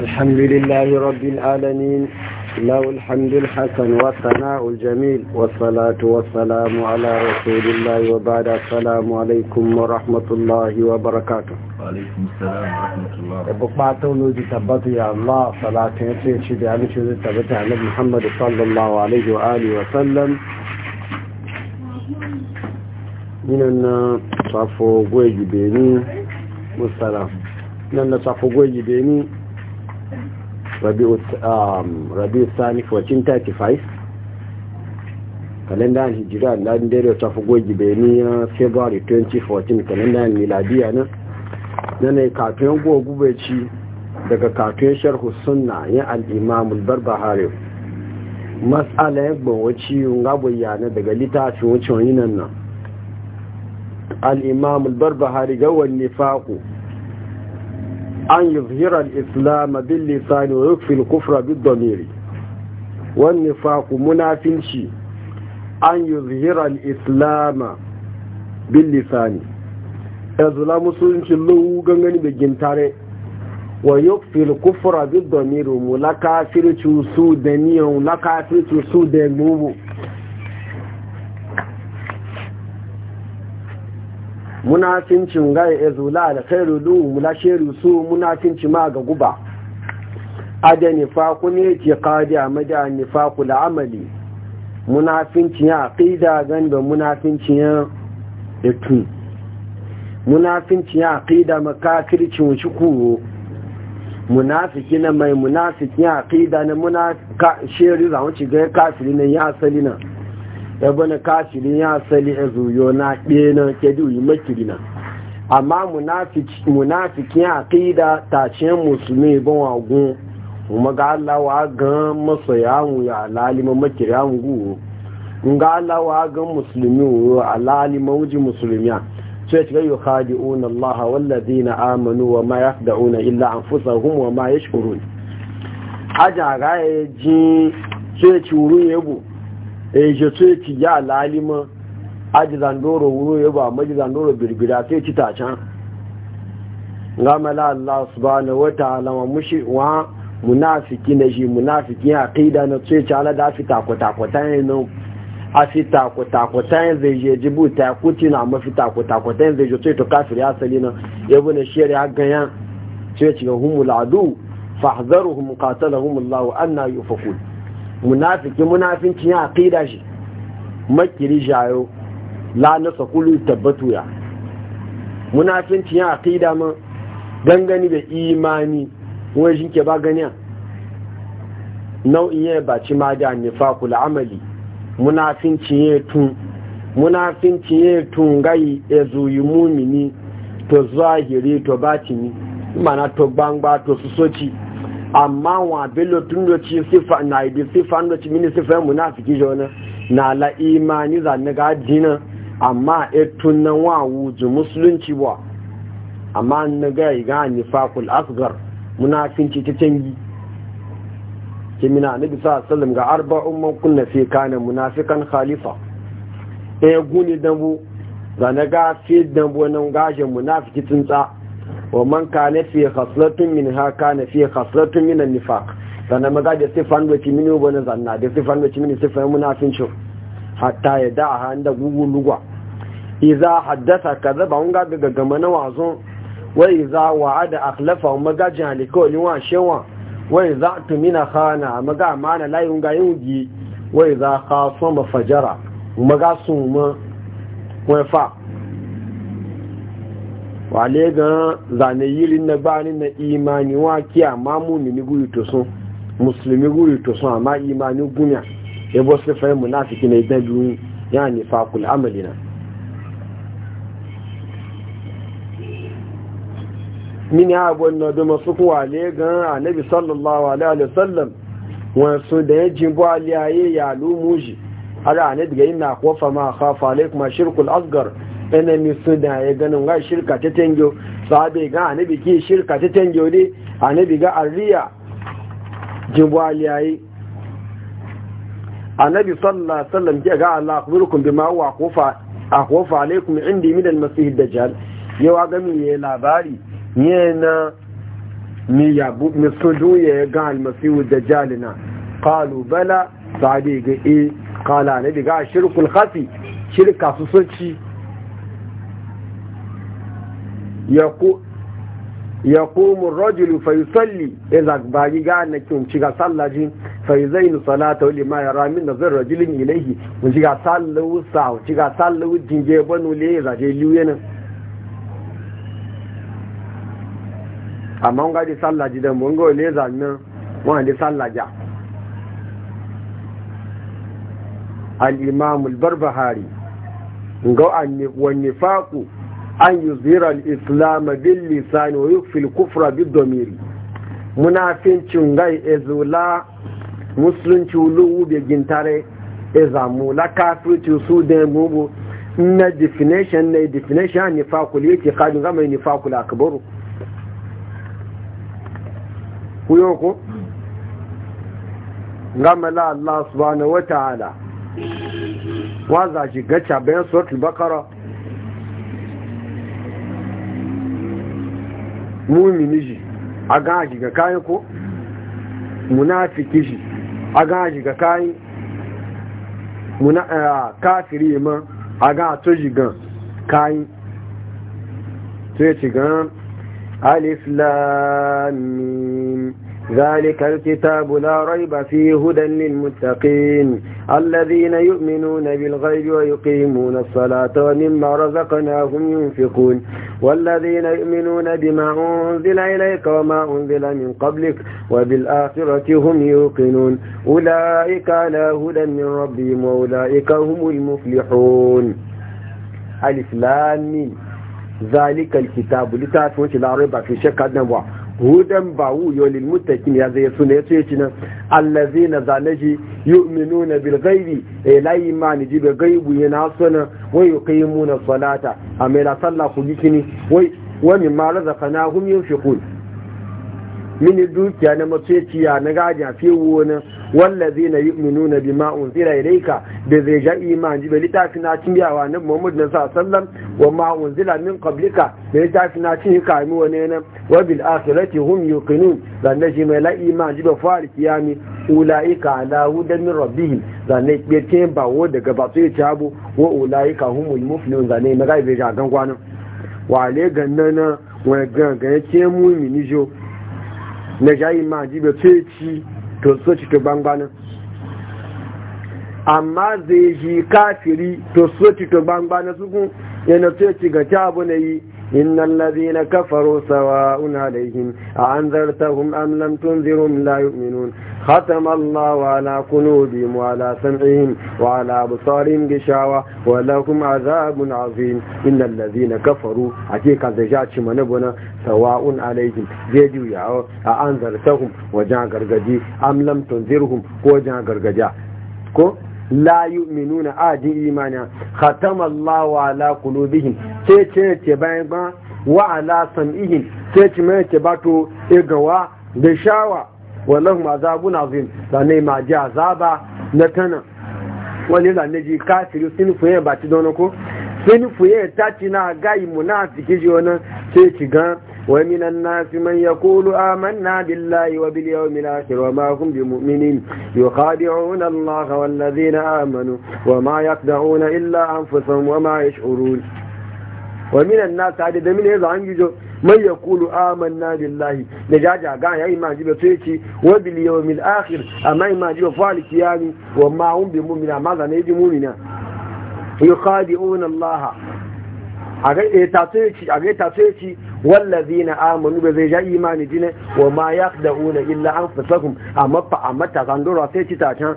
الحمد لله رب العالمين له الحمد الحسن والثناء الجميل والصلاة والسلام على رسول الله وبعد السلام عليكم ورحمة الله وبركاته وعليكم السلام ورحمة الله بقعته نودي تبت يا الله صلاة يسير يعني شو تبت على محمد صلى الله عليه وآله وسلم من أن صفو قوي بيني والسلام من أن صفو قوي بيني rabi'u sani um, 1435 kalenda hijira na dare ta fugo gibeniya uh, february 2014 kalenda miladiya na nanayi katoyin gogube ci daga katoyin sharhu sunna yin al'imamul barbahari matsala ya gbawa ciwon gabayana daga littafin wucin yinan nan al'imamul barbahari ga wanne faku an yuzhira al-islam bil lisan wa yukfi al-kufra bid damiri wan nifaq munafinci an yuzhira al-islam bil lisan azla musulunci lu gangani da gintare wa yukfi al-kufra bid damiri mulaka fircu su da niyan mulaka fircu su da mubu munafincin gaya ya zula da khairu lu mulashiru su munafinci ma ga guba da nifaku ne ke kadi a mada nifaku la'amali munafincin ya aqida gan da munafincin ya etu munafincin ya ƙida makakircin shi kuro munafiki na mai munafiki ya ƙida na munafi sheri zawon ci ya kafiri na ya asali na ya bane kafirin ya sali a zuyo na ɗaya na kedu yi makiri amma munafikin aƙida tashin musulmi ban wagun kuma ga allawa gan masoya mu ya alalima makiri an guru ga allawa gan musulmi wuro alalima wuji musulmi a sai shiga yi khadi una allah wallazi na amanu wa ma ya da una illa an fusa hun wa ma ya shuru aja ga e ya ji sai ci wuru ya bu e je so ki ya lalima aji zandoro wuro ya ba maji zandoro birbira sai ci ta can gamala Allah subhanahu wa ta'ala wa mushi wa munafiki na shi munafiki ya kaida na tsoye ci ala da fi takwatakwata ne nan a fi takwatakwata yin zai je jibu ta kuti na mafi takwatakwata yin zai je tsoye to e kafir ya asali na ya bu na shiyar ya ganyan tsoye ci ga humul adu fahzaruhum qatalahum Allah anna yufakun munafiki munafinci ya aqida shi makiri jayo la nasa kulu tabbatu ya munafinci ya aqida ma gangani da imani wani shi ke ba ganiya nau'in ya ba ma da nifakul amali munafinci ya tun munafinci ya tun gai ya e zuyi mumini to zahiri to batini mana to gbangba to susoci amma wa bello tun da ci sifa na ibi sifa da ci mini sifa na fiki jona na la imani za na ga dina amma etun nan wa wuju musulunci wa. amma na ga ga nifaqul asghar munafinci ta cangi ke mina nabi sa sallam ga arba'un man kunna fi kana munafikan khalifa e guni dambu za na ga fi dambu nan gajin munafiki tsuntsa wa man kana fi khaslatun min ha kana fi khaslatun min an-nifaq sannan maga da sifan da kimi ne bane zanna da sifan da kimi sifan munafincin hatta ya da ha da gugun lugwa idza haddatha kadhaba un daga gama na wazo wa idza wa'ada akhlafa maga jaliko ni wa shewa wa idza tumina khana maga mana layi un ga yugi wa idza khasama fajara maga suma wa fa wale ga zane yiri na bani na imani wa kiya ni ni guri to sun musulmi guri to sun amma imani gunya ya bo su fa munafiki ne da duni ya ni fa kul amalina min ya bo na da masu ku wale ga annabi sallallahu alaihi wasallam wasu da ya bo aliyaye ya lumuji ala ne daga ina kofa ma khafa alaikum shirkul asgar yana mi su da ya ganin wa shirka ta tango sahabe ga anabi ki shirka ta tango ne anabi ga arriya jibwali yayi annabi sallallahu alaihi wasallam ke ga Allah akhbirukum bima huwa akufa akufa alaikum indi min al-masih ad-dajjal yawa ga mi yayi labari yana mi ya bu mi sudu ya ga al-masih ad-dajjal na qalu bala sahabe ga e qala annabi ga shirkul khafi shirka su sunci ya ar-rajulu fa yusalli idza bagi ga na kin ci ga sallaji fa yuzainu salata li ma ya rami na nazar rajulin ilaihi mun ci ga sallu sa ci ga sallu jinje banu le ya zaje liyu yana amma ga di sallaji da mun go le za nan wa di sallaja al-imam al-barbahari ngo an wani faku an yuzira al-islam bil lisan wa yukhfi al-kufra bid damir munafincin gai ezula musulunci uluwu be gintare ezamu la kafirci su da mubu na definition na definition ni fakul yake kadin zama ni fakul akbaru kuyo ko gama la Allah subhanahu wa ta'ala wa za shi gacha bayan suratul baqara mumini shi a gaji ga kayan ko munafiki shi a gaji ga kayan kafiri ma a gato to gan kayan to ya ci gan alif lamim ذلك الكتاب لا ريب فيه هدى للمتقين الذين يؤمنون بالغيب ويقيمون الصلاة ومما رزقناهم ينفقون والذين يؤمنون بما أنزل إليك وما أنزل من قبلك وبالآخرة هم يوقنون أولئك على هدى من ربهم وأولئك هم المفلحون الإسلام ذلك الكتاب لتعرفون لا ريب في شك أدنبوه hudan ba wuyo lil muttaqin ya zai sune yace yace nan allazina zalaji yu'minuna bil ghaibi e la imani jibe gaibu yana suna wa yuqimuna salata amela sallahu bikini wai wa mimma razaqnahum yunfiqun mini dukiya na matsayaciya na gajiya fi wani wallazi na nuna na bima unzila ilaika da zai ja iman ji bai littafi na cin biyawa na muhammadu na sallam wa ma unzila min kwablika da littafi na cin kami wani na wabil asirati akhirati hum yuqinun zanne shi mai la'i iman ji ba fari kiyami ulaika ala hudan min rabbihim zanne ke tin bawo daga batsayaciya abu wa ulaika humul muflihun zanne na gaji bai ja gan kwanan wale ganna na wani gangan ya ce mu jo na yi ma jibe sai ci to so ci to bangbanin amma zai ji kafiri to so ci to bangbanin su kun ina ce ci ga ci abu na yi innan lazi na kafaro sawa una da yin a an zarta hun tun zirun layu minun Allah wa ala kunu wa mu ala sam'ihim wa ala busarin gishawa wa ala kum azabun azim innan lazi na kafaro a ce ka zai shaci mana buna sawa un alaikin zai juya a an zarta wajen gargaji amlan tun zirun ko wajen gargaja ko la yu'minuna adi imana khatama Allahu ala qulubihim sai ce ce bayan ba wa ala sam'ihim sai ce mai ce bato igawa e da shawa wallahu azabun azim sanai ma ji azaba na tana wani zane ji kafiri sun fuye ba ci don ko sun fuye ta ci na gayi munafiki ji wannan sai gan ومن الناس من يقول آمنا بالله وباليوم الآخر وما هم بمؤمنين يخادعون الله والذين آمنوا وما يخدعون إلا أنفسهم وما يشعرون ومن الناس عدد من هذا عنجو من يقول آمنا بالله نجاجا قاعد يا إما جيب تويتي وباليوم الآخر أما إما جيب فالك يعني وما هم بمؤمنين ماذا نجي مؤمنا يخادعون الله a ga ci wallazi na amonu ba zai ja imani jini wa ma ya da una illa an fasakun a mafa a matasa ndora sai ci can,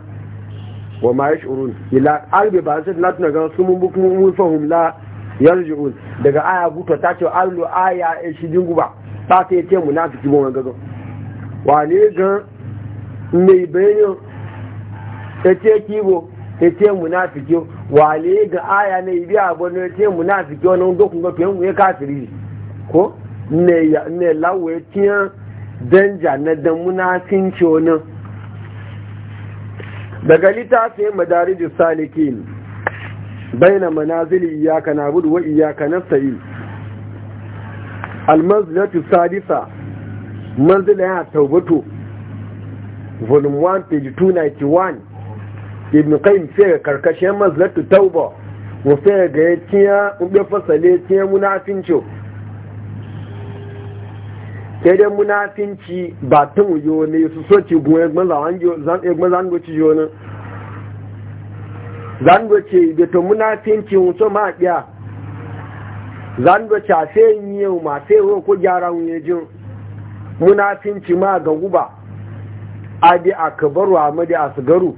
wa ma ya shurun ila albi ba sai na tuna gan mun bukun mun fahim la yarji'un daga aya buta ta ce allu aya ya e shi jingu ba ta ce ce munafiki bon gaga ne gan mai bayan ya e ce kibo ta e ce munafiki wale ga aya ne ibi abu ne ce munafiki wani dokun ga fiye ya kafiri ko ne lawe tiyan danja na da munafinci wani daga littafin madarijin salikin baina manazili iyaka na budu wa iyaka na sayi almanzilatu sadisa manzila ya taubato volume 1 page 291 ibn qayyim sai ga karkashin mazlatu tauba wa sai ga ya tiya un be fasale tiya munafinci sai dai munafinci ba ta wuyo ne su so ci gun egban zango ci yo ne zango ce da to munafinci un so ma kiya zango a sai yi yau ma sai ko gyara wuye jin munafinci ma ga guba a madi a asgaru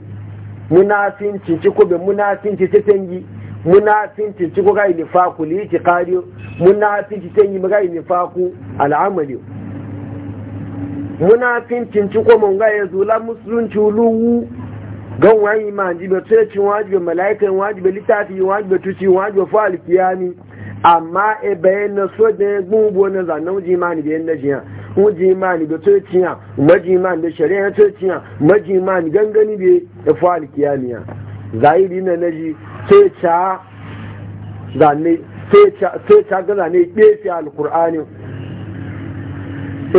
munafinci ci ko be munafinci ta tengi munafinci ci ko gai nifaku li itiqadi munafinci tangi ni gai al amali munafinci ci ko mun ga yazo la musulunci luwu gan wani ji be tsaci wajibi malaikan wajibi litafi be tuci wajibi fa alkiyami amma e bayan na so de gungo na zanen jimani bayan na jiya uji imani da tsociya maji imani da shari'a tsociya maji imani gangani be da fa'al kiyamiya zahiri na naji tsoca zane tsoca ga zane ɗefe alkur'ani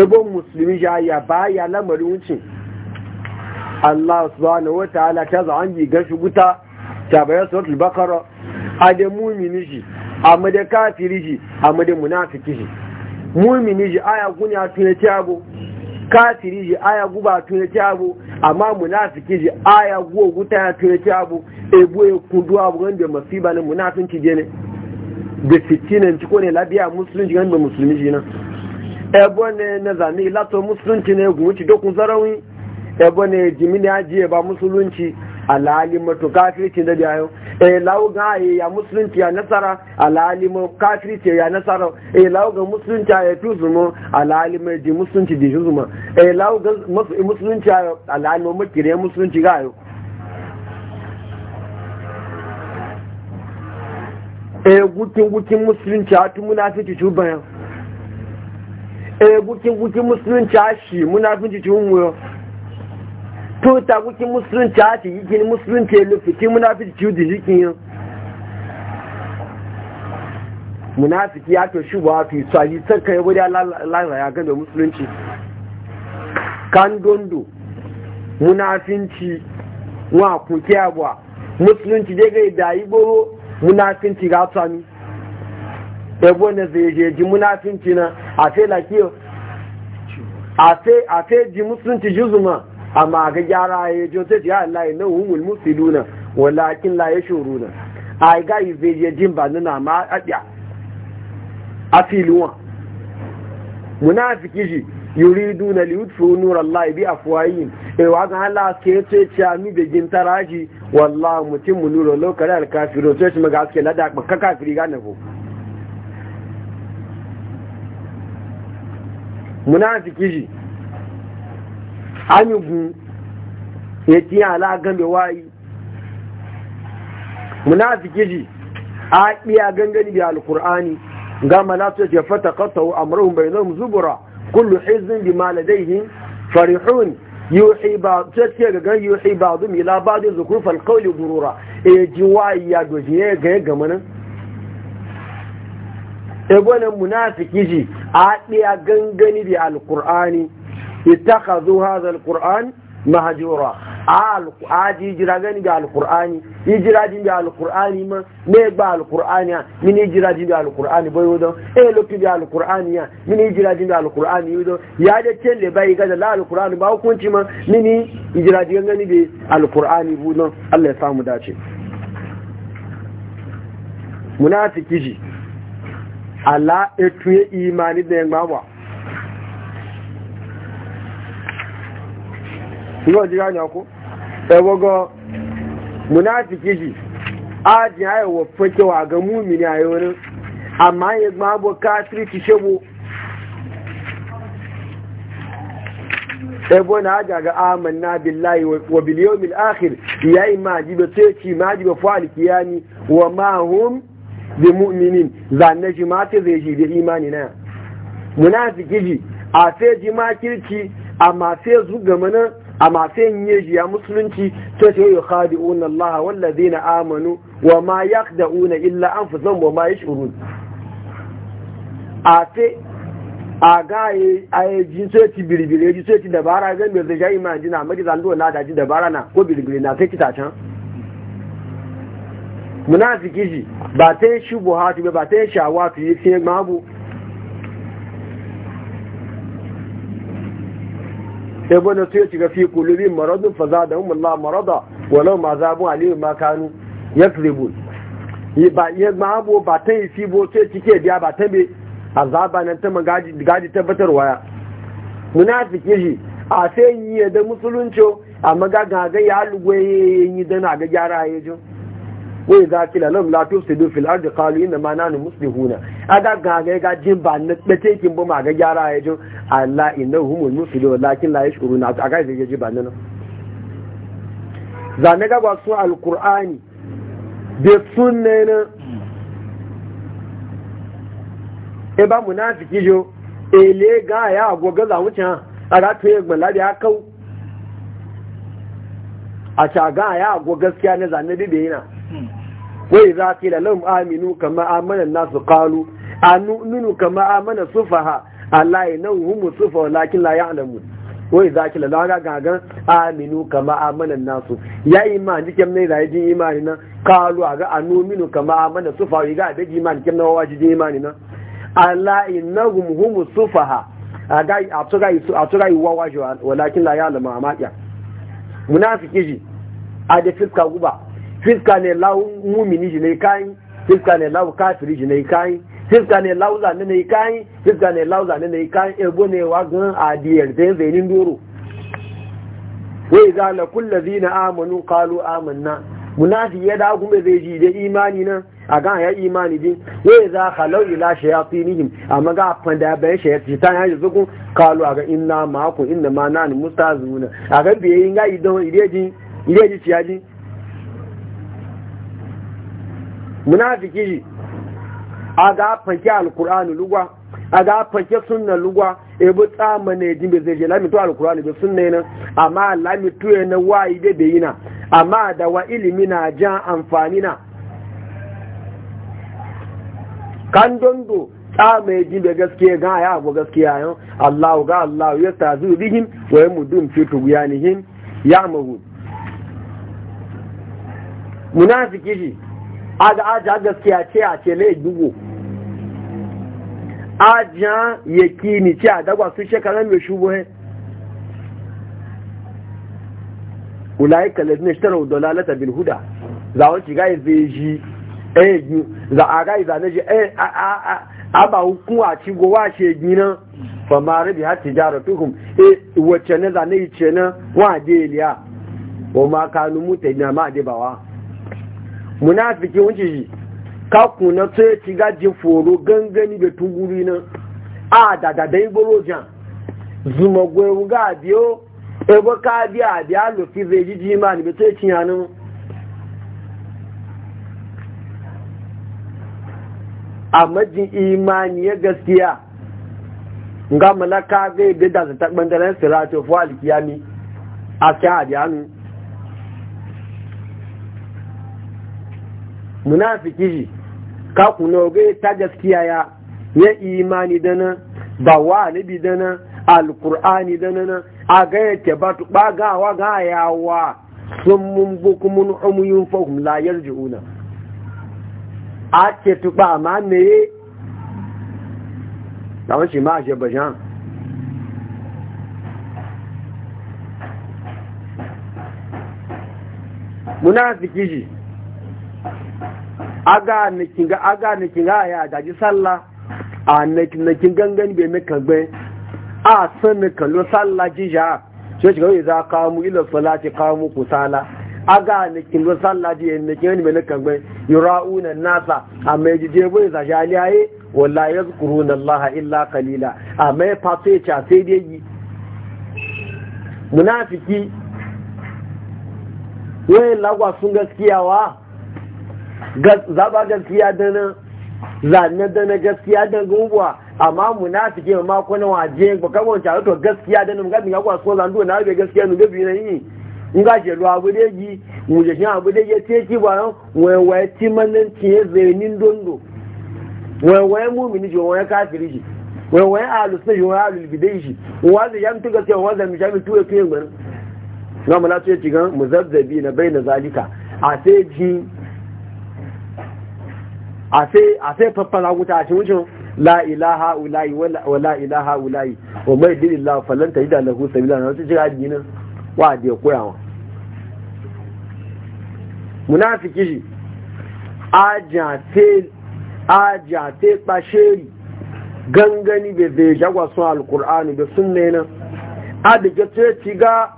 ebon musulmi ya ba ya baya lamarin wuce Allah subhanahu wa ta'ala ta za an gigar shi guta ta bayan suratul bakara a da mumini shi a da kafiri a da munafiki shi mulmini ji aya gunya tun ya ci kafiri ji aya guba tun ya amma munafiki ji aya guwa guta ya tun ya ebu ya kudu abu wanda masiba ne munafinci je ne da fitinan ci ko ne labiya musulunci wanda musulmi ji na ebu ne na zami lato musulunci ne gumuci dokun zarawi ebu ne jimini ajiye ba musulunci alhali mato kafirci da biyayo e eh, lauga eh, ya musulunci ya nasara kafiri ce ya nasara e eh, lauga musulunci ya tuzumo alalimu di musulunci di tuzumo e lauga musulunci ya alalimu makire musulunci ga yau E! gukin gukin musulunci a tu munafiki bayan E! gukin gukin musulunci a shi munafiki tuban to ta kuki musulunci a ci yikin musulunci ya lufi ki munafiki ciwo da jikin yin munafiki ya to shi ba fi tsaji tsakka kai wuri lalata ya gada musulunci kan dondo munafinci wa kuke abuwa musulunci dai ga yi boro munafinci ga tsami ebo na zai je ji munafinci na a fe lakiyo a fe ji musulunci juzuma amma ga gyara ya jo sai ya Allah ya nahu mul mufsiduna walakin la yashuruna ai ga yi zai je jin ba nuna ma adiya afiluwa munafiki shi Duna, li yutfu nur Allah bi afwahihim e wa ga Allah ke ce ce mi be jin taraji wallahi mutum nuru lokare al kafiru sai shi maga aske lada ka kafiri ga nafo munafiki shi anyugun ya ala gambe wayi munafiki ji a iya gangani bi alqur'ani ga malatu ya fata qatu amruhum bainahum zubura kullu hizbin bima ladayhim farihun yuhi ba ga gan yuhi ba ila ba'd zukruf alqawl gurura e ji wayi ya doje ga ga e bonan munafiki ji a iya gangani bi alqur'ani ittakhadhu hadha alquran mahjura al aji jiragan ga alqurani jiraji ga alqurani ma me gba alqurani mini jiraji ga alqurani boyo do e lo ti ga alqurani ya mini jiraji ga alqurani yodo ya da celle bai ga da alqurani ba hukunci ma mini jiraji ga ngani be alqurani bu no Allah ya samu dace munafiki ji ala etuye imani da yamma iwe ojiri anya ọkụ ewogo munafiki ji aji anyị wọ fetewa agamu mmiri anyị were ama anyị gba agbọ katri chichegbu ebe na aja ga aman na billahi wa bil yawm al akhir ya ma jibe teki ma jibe fo al ni. wa ma hum bi mu'minin zanne ji ma zai zeji bi imani na munafiki ji a te ji ma kirki amma se zu ga mana amma sai in yi jiya musulunci ta ce yi una Allah wallazi na amanu wa ma da una illa An anfusahum wa ma yash'urun a te a ga a ji sai ci ya ji sai ci dabara zan bai zai jayi ma jina magiza ndo na da ji dabara na ko birbiri na sai kita ta can munafiki ji ba ta yi shubuhatu ba ta yi shawatu yi sai mabu ba na su ya shiga fi kulubin maradun faza da da la marada walau ma zabu aliyu ma kanu ya kribu ba ya abu ba ta yi fi bo sai cike biya ba ta a zaba nan ta gadi tabbatar waya munafiki shi a sai yi da musulunci a ga ga ya lugwaye yi da na ga gyara ya ji wai za ki lalam la tufsidu fil ardi qalu inna ma nanu muslihuna aga gaga ga jin ba na bace kin bu ma ga gyara ya jin Allah innahum mufsidun lakin la na. aga ga ji ba na nan zane ga ba su alqur'ani da sunne na e ba munafiki jo ele ga ya goga za mu can aga to ya gbala da kau a ga ya go gaskiya na zane bibe yana hmm. wai za ki da lahum aminu kamar amanan nasu Kalu. a nunu kama amana sufaha Allah ya nan humu sufa lakin la ya'lamu wai zaki lalaga gagan aminu kama amana nasu ya iman jikin ne zai ji imani na kalu aga anuminu kama amana sufa ga da ji imani kin nawa ji imani na Allah innahum humu sufaha aga atuga isu atuga iwa wajo walakin la ya'lamu amaqiya munafiki ji a da fiska guba fiska ne lawu mumini ji ne kai fiska ne lawu kafiri ji ne kai fiska ne lauza ne ne kayan fiska ne lauza ne ne kayan ebo ne wa gan adiyar zai zainin doro wai za la kulla zina amanu kalu amanna munafi ya da kuma zai ji da imani nan a gan ya imani din wai za halau ila shayatinihim amma ga fanda bayan shayatin ta yanzu zukun kalu a ga inna ma'akun inna ma nani mustazuna a ga biyayin ga idan ireji ireji ciyaji munafiki a ga fanke alkur'ani lugwa a ga fanke sunna lugwa e bu tsama ne din be zeje lami to alkur'ani be sunna ne amma lami to ne wai be be yina amma da wa ilimi na ja amfani na kan dondo tsama ne din be gaskiya ga ya go gaskiya yau Allahu ga Allahu ya tazu bihim wa yamudum fi ya mahu munafiki shi aga aja gaskiya ce a ce lai dugo ajiya ya ni ce a dagwa sun shekarar mai shubo he ulayi kalif ne shitarar dalalata bil huda za a shiga ga zai ji ɗaya eh, za a ga za ji ji eh, a ba hukun a ci gowa shi gina ba ma rabi hati tijara tuhum e wacce na za yi ce na wa deliya wa ma kanu mutane ma adebawa munafiki wuce shi kakuna na to ya ci gajin foro gangani da tuguri nan a daga dai borojan zuma gwewu ga biyo ebe ka biya biya lofi zai ji ji ma ni bai to ya ci a majin imani ya gaskiya ga malaka zai bi da zata ɓangaren sirato fuwa alkiyami a cikin hadiyanu munafiki shi ka kuna ga ta gaskiya ya ya imani nan ba wa nabi alkur'ani da nan a ga yake ba tu ba ga wa ga mun buku mun umyun fahum la yarjiuna a ce tu ba ma me da wace ma munafiki ji aga na kinga aga a ya daji sallah a na kin gangan bai mai kagbe a san na sallah jija sai shiga yi za mu ila salati ku kusala aga na kin lo sallah ji na kin bai na kagbe yurauna nasa a amma jije bai za shali ayi wala yazkuruna allah illa qalila amma fa sai cha sai dai yi munafiki wai lagwa sun gaskiyawa za gaskiya gaskiya na zane na gaskiya da gungwa amma munafike ma makon waje ba kan wancan to gaskiya da mun ga mi yakwa so zan do na be gaskiya nu gabi na yi in ga je ruwa bude gi mu je shin abu da ce ki ba ran wai wai ti manan ti ye zenin dondo wai wai mu'mini jo wai kafiri ji wai wai ahlus sunna jo wai ahlul bidai ji wa da yam tuga ce wa da mi jami tuwe tuwe ngwan na mu la tuye ci gan muzabzabi na bayna zalika a sai ji a sai faffara wuta a cikin la ilaha ulayi wa la ilaha ulayi wa mai dini la fallan ta da lahu sabila na wata jira jini wa da koyawa munafiki shi ajiya te kpasheri gangani bai zai jagwa sun alkur'ani da sun nena a da ke ci ga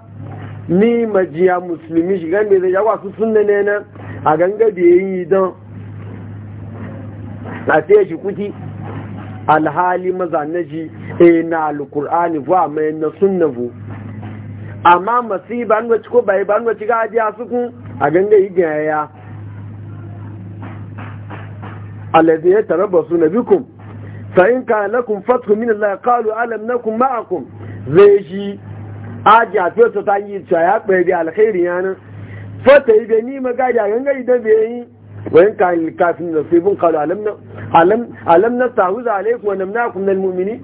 ni majiya musulmi shigan bai zai jagwa sun nena a gangan da ya yi don a sai shi kuti alhali maza na e na alkur'ani ba mai na sunnabu amma masu ko bai ba nwa a suku a ganga yi gaya alladhi yatarabbasu nabikum fa in kana lakum fathu min Allah qalu alam nakum ma'akum zai shi aji a fiye ta yi ta ya bi alkhairi yana fata yi bai ni magadi a ganga idan bai yi وإن كان للكافرين نصيب قالوا ألم ألم ألم نستعوذ عليكم ونمنعكم من المؤمنين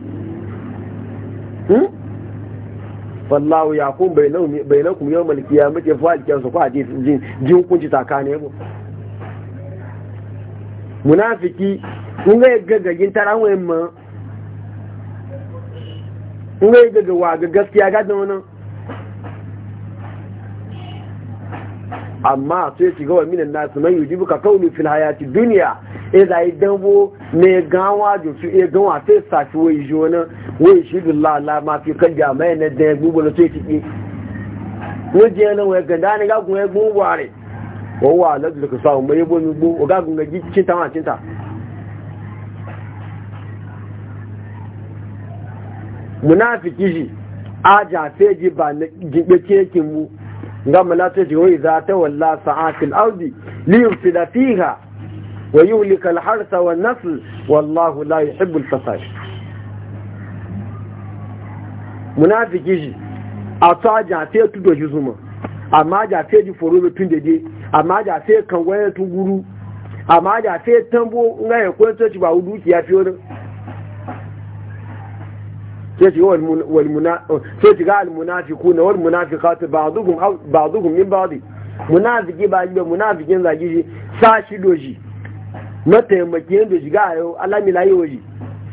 فالله يقوم بينهم بينكم يوم القيامة يفعل كان سوى حديث جين جين كنت تاكاني يبو munafiki kun ga gaggagin tarawin ma kun ga gaggagin wa ga gaskiya ga da wannan amma sai shiga wa minan nasu man yujibu ka kaunu fil hayati duniya e eh, da yi dambo ne gawa da su e eh, gawa sai sashi wai wani wai shi billah la ma fi kan jama'a na da gugu na sai tiki jiya nan wai ganda ne ga gun wai gun ware wawa la da ka samu mai bo mi bo ga gun ga gicin ta ma cinta munafiki ji aja feji ba na gibbe kekin mu ga malata ji wai za ta walla sa'atil ardi li yufsida fiha wa yuhlika al-harsa wal nasl wallahu la yuhibbu al-fasad munafiki ji a ta ja ta tudo ji zuma amma ja ta ji foro be tun deje amma ja ta kan waye tuguru amma ja ta tambo ngai ko ci ba wudu ki ya fiyo sai shiga sai shiga almunafiku na wal munafiqatu ba'dhum ba'dhum min ba'd munafiki ba a yi da munafikin zagi shi sa shi doji mataimakin da shiga yau, alami layi waje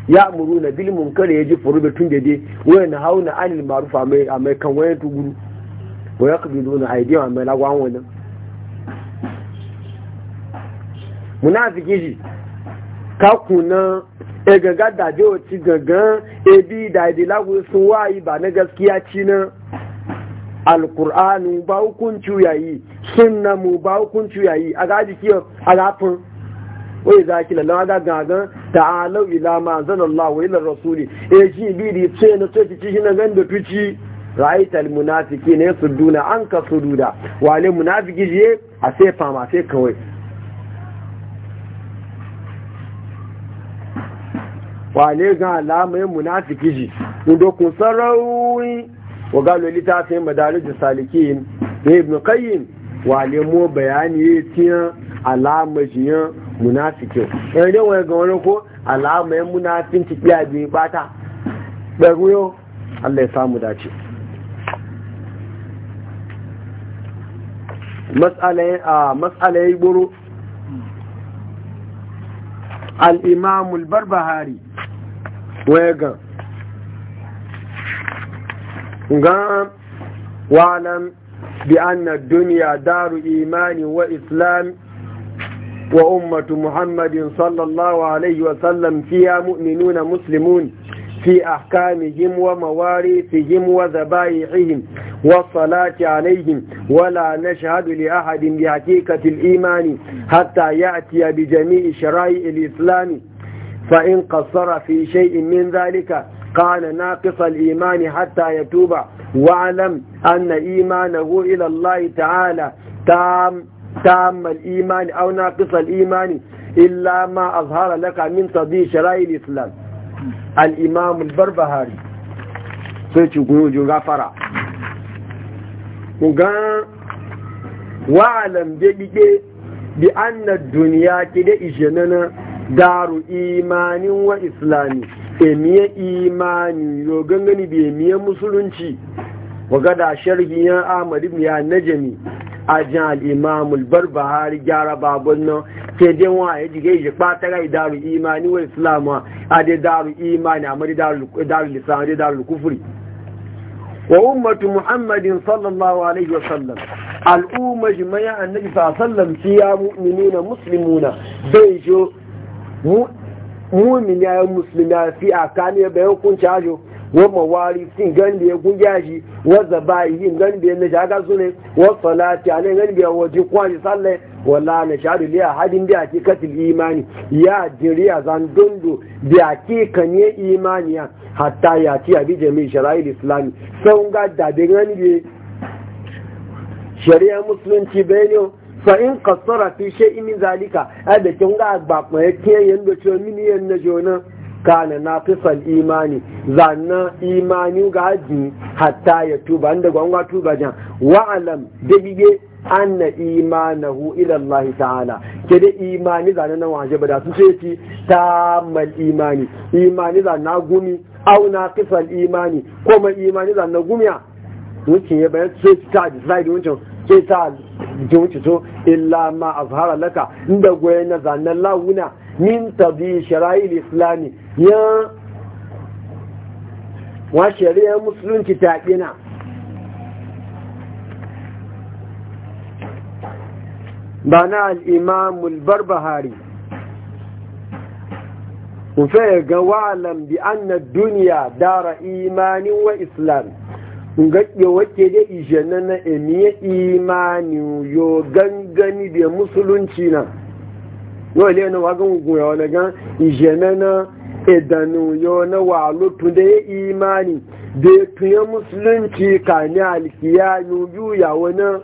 ya muru na bilimin munkar ya ji furu tun da dai waya na hauna anil ma'ruf amai amai kan wayan tuguru wa yaqbiduna aidiyan amai lagwan wannan munafiki shi ka kuna egaga dabe ci gangan ebi da idilagun sun wayi ba na gaskiya ci na alkur'anu ba hukuncu yayi sunna mu ba hukuncu yayi a gaji kiyo a gafin wai za ki lallan aga gagan ala'u ila ma zan zanallahu wa ila rasuli e shi bi di ce na so ci shi na gan da su duna an ka anka duda wale munafiki je a sai fama sai kawai wale gan alamayin munafiki ji inda kun sarrawi wa galo littafin madarajin salikin ne ibn kayyin wale mu bayani ya tiya alamajiyan munafiki yan ne wani ga wani ko alamayin munafin ti biya biyu bata ɓaru yau allah samu dace matsalayin a ah, matsalayin buru الإمام البربهاري ويقام قام واعلم بأن الدنيا دار إيمان وإسلام وأمة محمد صلى الله عليه وسلم فيها مؤمنون مسلمون في أحكامهم ومواريثهم وذبائحهم والصلاة عليهم ولا نشهد لأحد بحقيقة الإيمان حتى يأتي بجميع شرائع الإسلام فإن قصر في شيء من ذلك قال ناقص الإيمان حتى يتوب واعلم أن إيمانه إلى الله تعالى تام تام الإيمان أو ناقص الإيمان إلا ما أظهر لك من تضييع شرائع الإسلام al'imam al-barbahari sai ci gujin gafara ƙugan wa'alam daɗiɗe bi annar duniya ke da ishenana daru imanin wa islami emiye imani yau gangani bi emiye musulunci wa gada sharhiyan ahmad ya najami a jan al'imam gyara babon nan sai dai a ya jige pa tara idaru imani wa islamu a dai daru imani a mari daru lisan dai daru kufuri wa ummatu muhammadin sallallahu alaihi wa sallam al'umma jimaya annabi sallallahu alaihi sallam ci ya na muslimuna bai jo mu'mini ya muslima fi kani ya bayan kun cajo wa mawari sin gandu ya gunya shi wa zabayi yin gandu ya na shaga su ne wa salati a ne gani ya waje kwashi sallai wala na shaɗu liya hadin biya ke katil imani ya jiriya zan dondo biya ke kanye imaniya hatta ya ci abi jami'in shara'il islami sun ga dabe gani shari'a musulunci bayani fa in kasara fi shay'i min zalika a da kin ga ya ke yin da cewa miniyan na jona kana naqisal imani zanna imani ga haji hatta ya tuba inda gwangwa tuba jan wa'alam da gige anna imanahu ila Allah ta'ala ke da imani zane nan waje ba da su ce ta mal imani imani zane na gumi au na kisal imani ko mal imani zane na gumiya wuce ya bayan ce ta decide wuce ce ta wuce so illa ma azhara laka inda goye na zane launa min tabi shara'il islami ya wa shari'a musulunci ta kina ba na al'imamul barbahari ya ga wa'alam bi anna duniya dara imanin wa islam gaɗe wake da ishe na na emiye imanin yo gangani da musulunci na wale na wagon goya wani gan ishe na na idanu yo na walutu da ya imani da ya tuye musulunci ka ni alkiya yoyu ya wani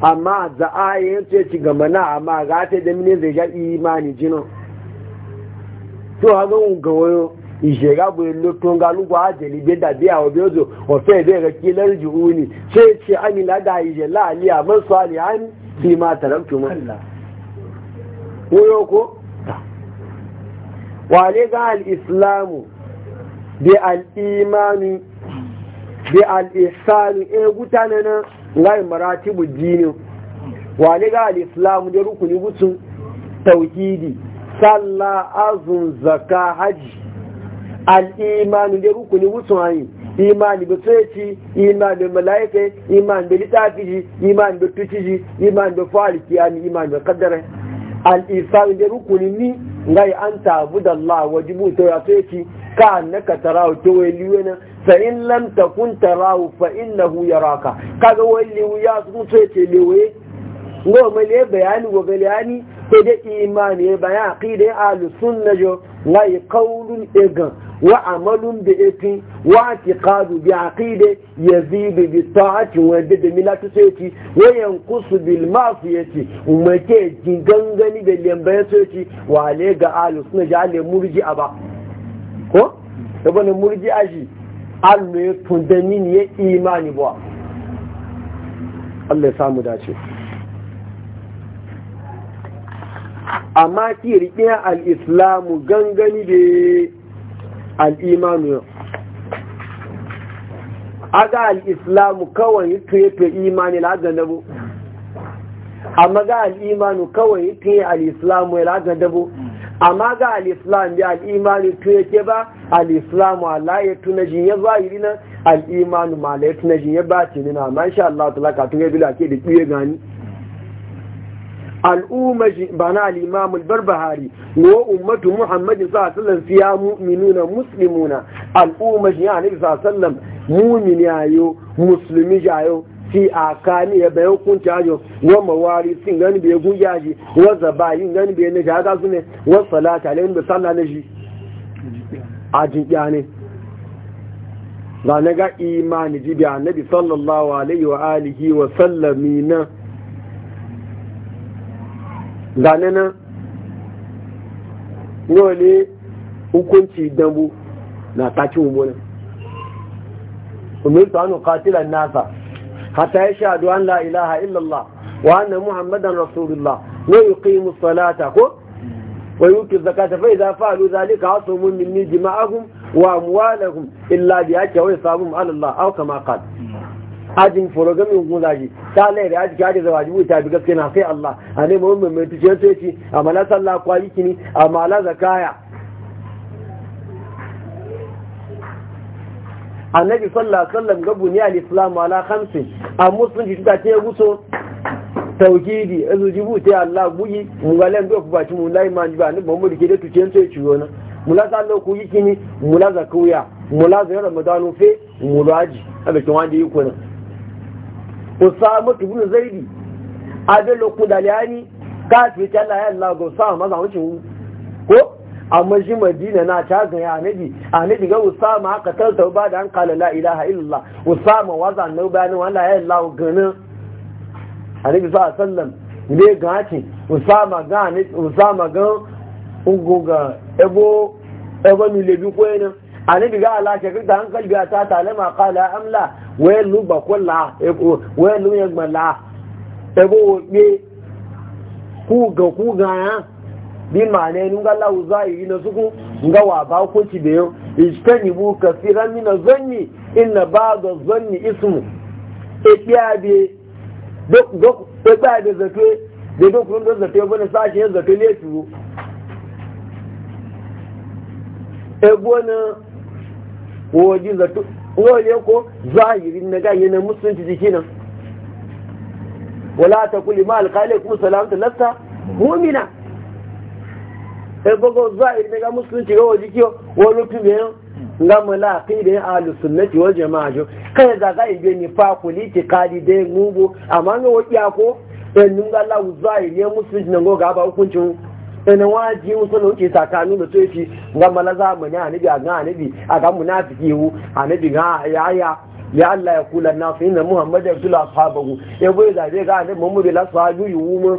amma za a yi ce ci gaba na amma ga ta da mini zai ga imani jinan to ha zan ga wayo ìṣègà bu ìlú tó ń ga lúgbọ àjẹlì gbé dàbí àwọn bí ó zò ọ̀fẹ́ ìbẹ́ rẹ̀ kí lẹ́rù jù ú ni ṣé ṣe àmì ládà ìṣẹ̀ láàlẹ́ àmọ́ sọ àlẹ́ àmì fi máa tàrà tó mọ́. wọ́n yóò kó wà ní gan al-islamu bí al-imani bi al-ihsanu e ẹ̀gúta nana. ngai maratibu Wa wani ga al'islam da rukuni gutsun tauhidi sallah azun zaka haji al da rukuni gutsun ayi imani da tsoyaci imani da malaika imani da litafi imani da tuci imani da fa'al kiyami imani da qaddara al da rukuni ni ngai an tabu da Allah wajibu to ya tsoyaci ka annaka tarawo to wai liwena fa'in lam takun tarahu fa'in na yaraka kaga wani ya sun so ce lewe ngo ma le bayani go bayani ko dai imani ya bayan aqida ya ahlus sunna jo na yi qawlun egan wa amalun bi itin wa i'tiqadu bi aqida yazidu bi ta'ati wa da milatu sai wa yanqusu bil ma'siyati umma ke gangani da lembayan sai wa le ga ahlus sunna ja murji aba ko saboda murji aji Allah ya tunda min ya imani ba Allah ya samu dace amma ki riƙe al'islamu gangani da al’imanu imanu a al’islamu kawai yi ya imani la dabo amma ga al’imanu kawai yi tuye al’islamu islamu la dabo amma ga al'islam ya al'imani tu yake ba al'islamu alaye tuna na jiye zahiri al'imani al'imanu malaye tuna jin ya ba ce nuna amma insha Allah ta laka tun yabi lake da ɓuye gani al'umma ba na al'imamu barbahari wa ummatu Muhammadu sa sallam fiya mu'minuna muslimuna al'umma shi ya nabi sa sallam mu'min yayo musulmi yayo fi a kani ya bayan hukunci ajo wa mawari sin gani bai gun yaji wa zabayi gani bai na shaga su ne wa salata ne da sallah na shi Ajin jinkiya ne ba na ga imani jibi annabi sallallahu alaihi wa alihi wa sallami na gane na wani hukunci dambu na takin umarni umirtu an qatila nasa hatta ya sha duwan la’ilaha illallah wa anna muhammadan rasulullah ne yi ƙimu salata ko wa yi ƙi zakata fai za faru zalika hasu mun nimi jima'ahun wa muwalahun illa bi ake wai sabu ma'alallah au kama kan ajin furogamin gudaji ta laira ya jika da zawaji wuta bi gaskiya na sai allah a ne mawun mai mai tuce tuce a mala sallah kwayi kini a mala zakaya annabi sallallahu alaihi wasallam ga buniya al-islam ala khamsin a musulunci ta ce guso tawhidi azujibu ta Allah buyi galen do ku baci mu lai man ba ni bomu ke da tuce sai ciwo na mula sallo ku yi kini mula zakuya mula zai ramadanu fe mulaji abe kin wanda yi na usama ibn zaidi abe lokudaliani ka ta Allah ya Allah go sa maza wucin ko amma shi madina na ta gaya annabi annabi ga usama aka tarta ba da an kala la ilaha illallah usama waza na bani wala ya illallah gana annabi sa sallam ne ga ce usama ga ne usama ga ungo ga ebo ebo mi le bi ko annabi ga ala ke da hankal ga ta talama kala amla wayan lu ba kullu e wayan lu yagmala ebo ne ku ga ku ga ya bi mane nun ga lahu yi na suku ga wa ba ko ci da yau istani bu kasiran min zanni inna ba'da zanni ismu E ebiabe dok dok da e zato da dok run da zato bane sa ke zato ne su ebona woji zato wole ko zahirin na ga yana musulunci jikinan wala ta kulli ma alqali kum salamta lasta mu'mina ebogo zahiri daga musulunci ga waje kiyo wani tuɓe yin gama lafi da yin ahalu sunnati wal jama'a jo kai za ka ibe ni fa kuliti kadi dai gugu amma ga wakiya ko in nun ga lawu zahiri ya musulunci nan goga ba hukuncin ina waji musulun ke sakanu da so yafi gama la zamani anabi a ga anabi a ga munafiki hu anabi ga yaya ya Allah ya kula nasu inna muhammadin rasul ashabahu yabo ya zabe ga anabi muhammadu la sahabu mu.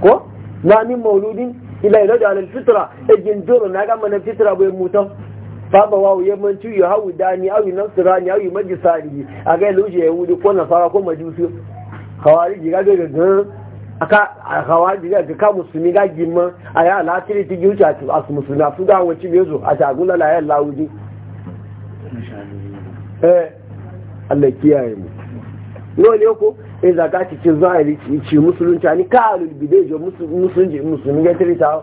ko na min mauludin ila ila da alfitra ejin doro na ga mana fitra bai muta baba wawo tu ya hawu dani awi nasrani awi majisani a ga luje yahudi ko fara ko majusi khawariji ga ga ga aka khawariji ga ka musulmi ga gimma aya tiri ti yuta as musulmi su ga wanci zo a tagula la ya lawudi eh Allah kiyaye mu yo ne ko e zaka ci cin zahiri ci musulunci ni kalul bidejo musulunci musulmi ya tiri ta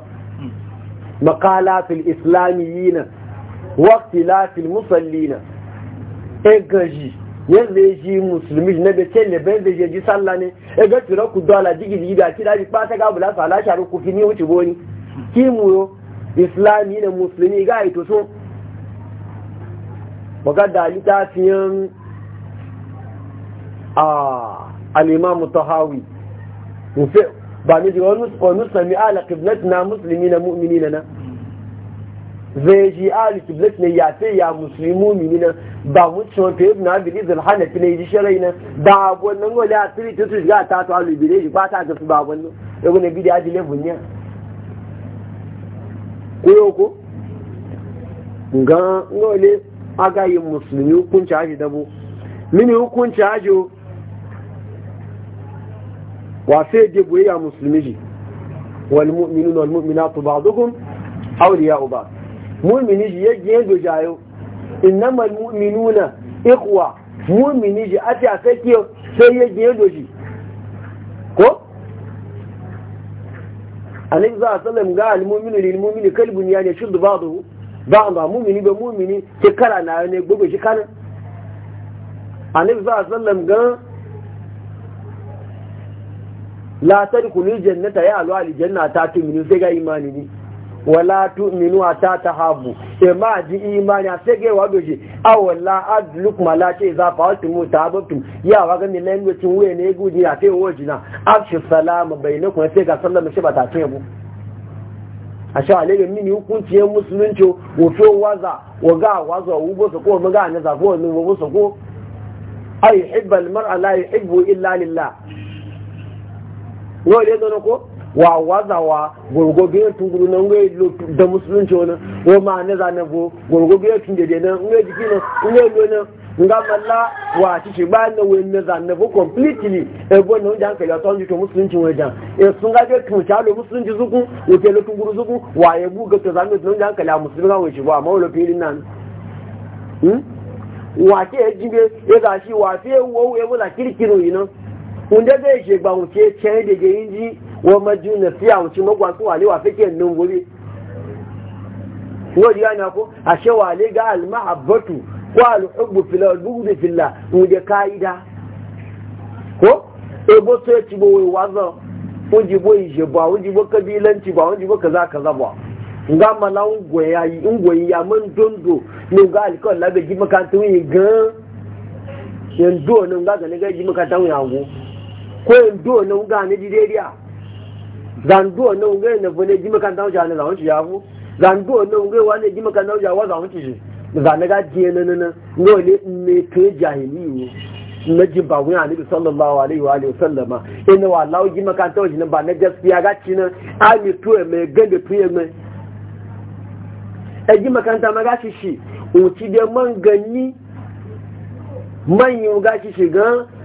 makala fil islamiyina wakti lafil musallina e gaji yanzu ya ji musulmi na da ce lebe da ji sallah ne e ga tura ku dola jigi jigi da kira ji ba ta gabu la sala sharu ku fini wuce boni ki mu islami ne musulmi ga ito so baka da litafiyan a ah, al'imamu tahawi ba ni ji wani sami ala kiblat na musulmi na mu'mini na nan zai ji ala kiblat na ya sai ya musulmi mu'mini na ba mutu wata yi na bili zalhana fi na yi shirai na ba abuwan nan wale a tiri tutu shiga ta to alu bile shi ba ta ga su ba abuwan nan ya bi da aji lefin ya koyo ko ga wale aga yi musulmi hukunci aji dabo mini hukunci aji Wa sai je boye ya musulmi ji wal mu'minun wal mu'minatu ba'duhum awliya'u ba'd mu'mini ji yaje yando jayo innamal mu'minuna ikwa mu'mini ji ati asake sai yaje yando ji ko annabi sallallahu alaihi wasallam ga al mu'minu lil mu'mini kalbun ya ne shuddu ba'duhu ba'da mu'mini ba mu'mini ke kara na ne gobe shi kana annabi za alaihi wasallam ga la tadkhulu jannata ya alu al ta tuminu sai ga imani ni wala tu'minu ta tahabu e ma ji imani a sai ga wado shi aw wala adluk malati za fa'altu mutabatu ya wa ga min nan wacin wuye ne gudi a sai woji afshu salama bainakum sai ga sallama shi ba ta ce mu a sha alaga mini hukunci ya musulunci wofe waza wa ga waza ubo ko mu ga na zafo ne wo ko ay mar'a la yuhibbu illa lillah yau ne zana ko wa wazawa gwargwabiyar tunguru na nwe da musulunci wani ko ma na zane bo gwargwabiyar tunjede na nwe jiki na nwe lo na nga malla wa ci ci bayan na wani na zane nebo completely ebo na wajen hankali wata wajen musulunci wajen e sun tun tunci alo musulunci zuku wuce lo tunguru zuku wa ya buga ta zane na wajen hankali a musulunci wani ci ba ma wani filin nan wa ke ya e jibe ya e zashi wa fiye wo ya e mula kirkiro yi nan wanda zai ke ba wuce can da ga yin ji wa maju na a wuce magwasu wale wa fake nan gobe wani yana ko a she wale ga almahabbatu ko alhubbu fil albughd fillah wanda kaida ko e bo so ci bo wai wazo wanda bo je ba wanda bo kabilanci ba wanda bo kaza kaza ba nga mala ngwaya yi ngwayi ya man dondo ne ga alkon labe ji makantun yi gan yanzu ne nga ga ne ga ji makantun yi ko yin duwa na wuga na jideriya zan duwa na wuga na fune ji makanta wuce na zaunci ya fu zan duwa na wuga wani ji makanta wuce wa zaunci shi zan na gajiye na nana ne wale ne ke jahiliyu na jin ba wuya ne sallallahu alaihi wa alihi sallama ina wa lawo ji makanta wuce na ba na gaskiya gaci na ami tuwe mai ganda e tuwe mai ɗaji makanta ma gashi shi uci da man ganni man yi gashi shi gan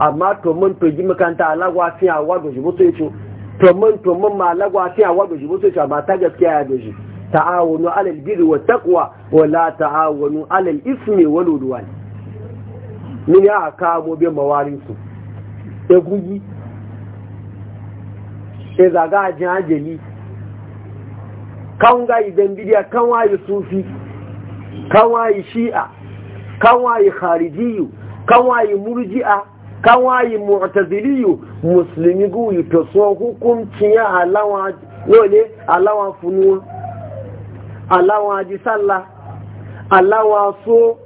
amma to mun to ji makanta alagwa fi awa doji mutu yace to mun to mun ma alagwa fi awa doji mutu yace amma ta gaskiya ya doji ta'awunu alal birri wa taqwa wa la ta'awunu alal ismi wal udwan min ya ka mo be mawari su egugi e zaga ajin ajeli kan ga idan bidiya kan wayi sufi kan wayi shi'a kan wayi kharijiyu kan wayi murji'a kawai mu'taziliyu muslimi gu to so hukunci ya alawa lole alawa funu alawa ji salla alawa so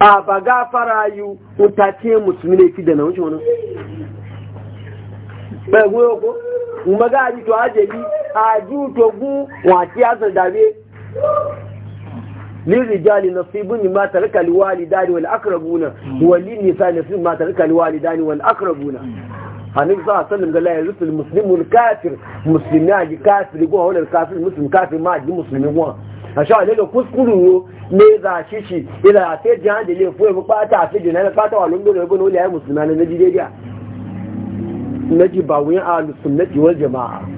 a baga farayu utace musulmi ne fi da na wuce wani bai goyo ko maga ji to ajali a ju to gu wa ki asar dabe للرجال نصيب مما ترك الوالدان والأقربون وللنساء نصيب ما ترك الوالدان والأقربون annabi sa sallam ga la yarsu muslimun kafir muslimi aji kafir go hawla kafir muslim kafir ma aji muslimi go a sha ne da kuskuru ne za shi shi ila te jan de le fuwe ba ta fi na ba ta walun do go no le musulmana na jidediya ji ba sunnati wal jamaa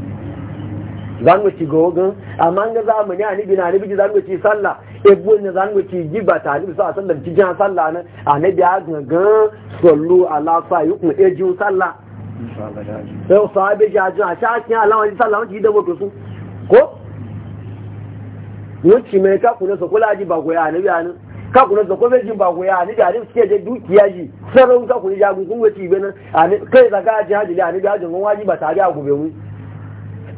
zango ci gogon amma ga zamani a nibi na nibi ji zango ci sallah e ne zango ci giba ta nibi sa sallam ci jan sallah na a nibi a gangan sallu ala e ji eji sallah sai sahabe ji ajin a shakin alawan ji sallah wani ji da wato su ko wuce mai kakuna sa kula ji ba goya a nibi a nan kakuna sa kula ji ba goya a nibi a nibi suke je dukiya ji sarrafa kakuna jagun kun wace ibe nan kai zaka ajin hajjili a nibi ajin wani wajiba tare a gobe mu.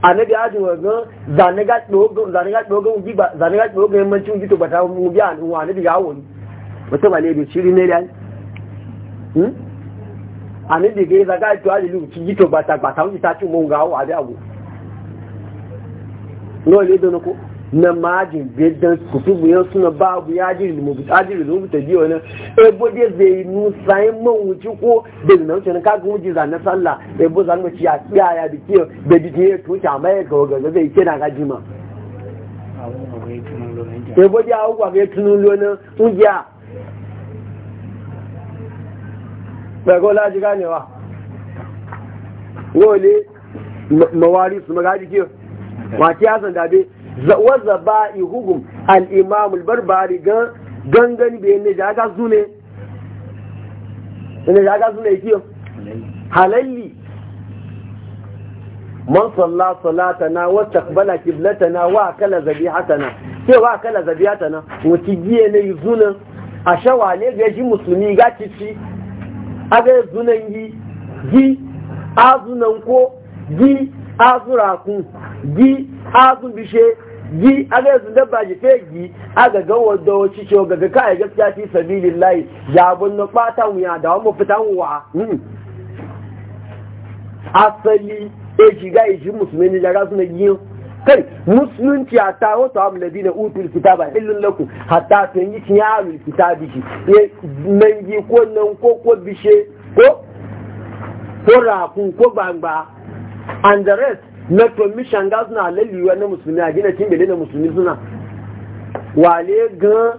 annabi ya jiwa ga zaniga dogon zaniga dogon ba zaniga dogon yammancin gito ba ta mu biya an wa annabi wani wata bale bi shiri ne da hmm annabi zaga to alilu ci gito ba ta ba ta mu ta ci mu ga wa abi abu no le ko na majin bedan kutubu suna babu ya ji rubuta biyo na ebo dai zai nu sayin man wuce ko da na wuce na kaga wuce za na sallah ebo za mu ci ya tsiya ya biki da biki ya tuce amma ya ga gaza zai ke na gaji ma ebo dai awu kwa ga tunun lona ungiya ko laji ganewa wole mawari su magaji dabe waza ba ihuhum al'imamul barbari gangan bayan ne da su zune ne jaga su ne kiyo halalli man salla salatana wa taqbala qiblatana wa kala zabihatana ke wa kala zabihatana wuci giye ne yuzuna a ne ga shi musulmi ga cici aga yuzunan yi A azunan ko ji. azura kun gi azun bishe gi aga yanzu dabba ji fe gi aga ga wadda wacce ce ga ga kai gaskiya fi sabilillahi jabun na fata wuya da mu mafita wa hmm. asali e shiga e shi musulmi da ga suna giyo kai musulunci a ta wata abu da zina utul kitaba illun lakum hatta tun yi shi yarul kitabi shi nan gi ko nan ko ko bishe ko ko rakun ko gbangba and the rest na permission ga suna lalliwa na musulmi a gina kimbele na musulmi suna wale gan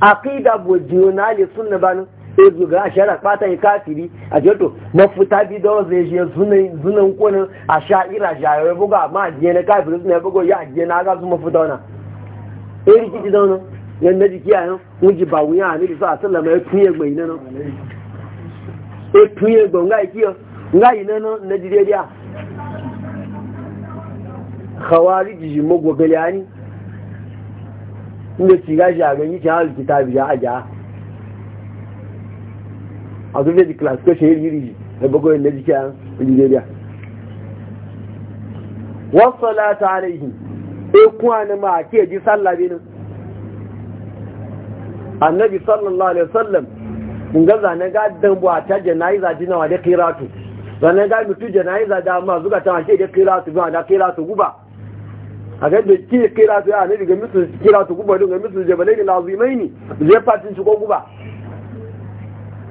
aqida bojionali sunna banu ezu ga ashara fatan yi kafiri a jeto mafuta bi da wasu ya zuna kunin a sha ira sha'ira shayar buga ma ajiye na kafiri suna bugo ya ajiye na aga su mafuta wana eri rikici da wani yadda jiki a yan wuji ba wuya a niri sa a sallama ya tuye gbainan ya tuye gbainan ga ikiyo nga yi na na jidediya khawari jiji magwagali ani inda ci gashi a ganyi ci halittu ta biya a ja a zuwa da classification yiri yiri da bakwai na jikiya a jidediya wasu lata alaihim ikuwa e na ma ke ji sallabi nan annabi sallallahu alaihi wasallam mun gaza na gadan bu a ta jana'iza jinawa da kiratu sannan ga mutu yi da amma zuka ta ke da kira su ba da kira su guba a ga da ke kira su ya ne daga mutu kira su guba don ga mutu jabalai ne lazimai ni zai fatin shi ko guba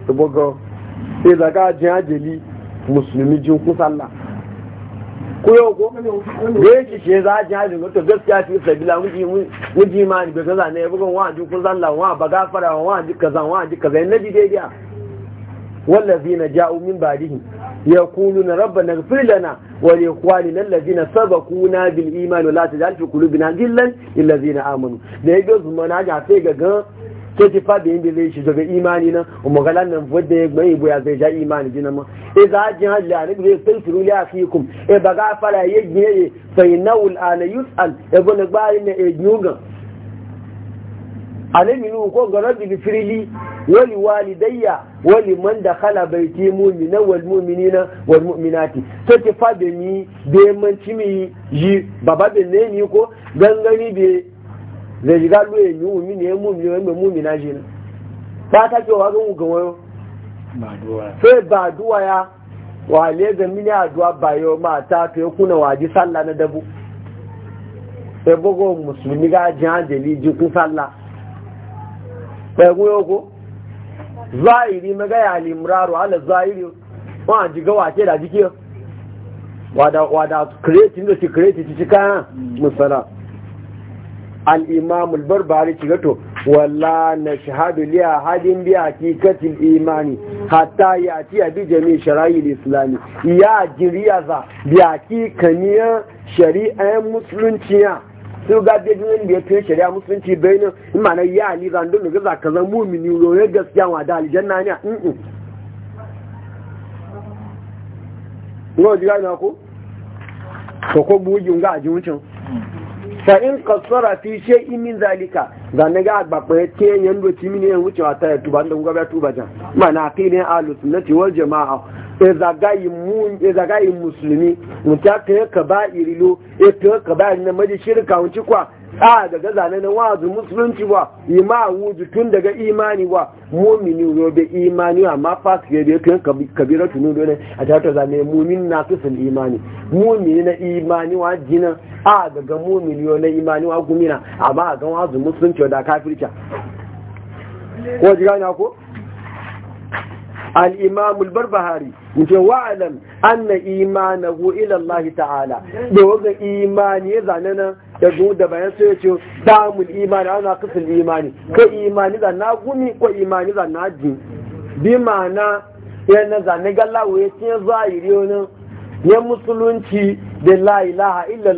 to bogo sai jin jajeli musulmi jin ku sallah ko yau ko da yake shi za ji hajji mutu gaskiya fi sabila mun ji ma ni bai kaza ne bugun wa ji kun sallah wa ba gafara wa ji kaza wa ji kaza ne ji dai dia wallazina ja'u min ba'dihi يقولون ربنا اغفر لنا ولإخواننا الذين سبقونا بالإيمان ولا تجعل في قلوبنا غلا للذين آمنوا da yake zuma na ga sai gaga ke ti fa bin bile shi daga imani na umma galan nan fudda ya gbai boya zai ja imani jina ma e za ajin halla ne bi sai firu li afikum e baga fara ye fa inna al yus'al e gona gbai ne e yuga Ale minu ko ga bi firili wali walidayya wali man da khala baiti mu'mina wal mu'minina wal mu'minati to ke fa be mi be man ci mi yi baba be ne ni ko gangani be le jiga lu e mi mu'mini e mu'mini e mu'mina jin ba ta ke wa gungu gun ba duwa sai ba duwa ya wa le ga mini aduwa yo ma ta to kuna waji sallah na dabu sai e bogo musulmi ga li ji kun sallah bai ko zahiri magaya limraru ala zahiri wa ji gawa ke da jike wada wada inda ci kireti ci ci kayan musala al barbari ci gato walla nashhadu li hadin biya hakikati al imani hatta yati abi jami' shara'i da islami ya jiriya za ki hakikaniya shari'a musulunci ya sai ga da jinin da ya fi shari'a musulunci bayanin in ma na ya ni zan don ga zaka zan mumini roye gaskiya wa da aljanna ne in in ko ji gani ko ko ko bugin ga ajin wucin fa in qasara fi shay'in min zalika zan ga babba ke yan do timi ne wucewa ta tuba da ga tuba jan mana fi ne ahlus sunnati wal jama'a zagayi musulmi mutu ya kan yaka ba irilo ya kan yaka ba irina maji shirka wunci kwa a daga zane na wazu musulunci ba ima wuzu tun daga imani ba mumini robe imani amma fasu ya biya kan kabira tunu dole a tattar zane mumin na susun imani mumini na imani wa jina a daga mumini na imani wa gumina amma a ga wazu musulunci da kafirca ko ji gane ko al-imam Buhari, barbahari yace wa imana anna imanahu ta'ala da wanda imani ya zanana da da bayan sai yace damul imani ana kasul imani ko imani da na gumi ko imani da na ji bi ma'ana yana zanne gallawo yace zahiri wani ya musulunci da la ilaha illa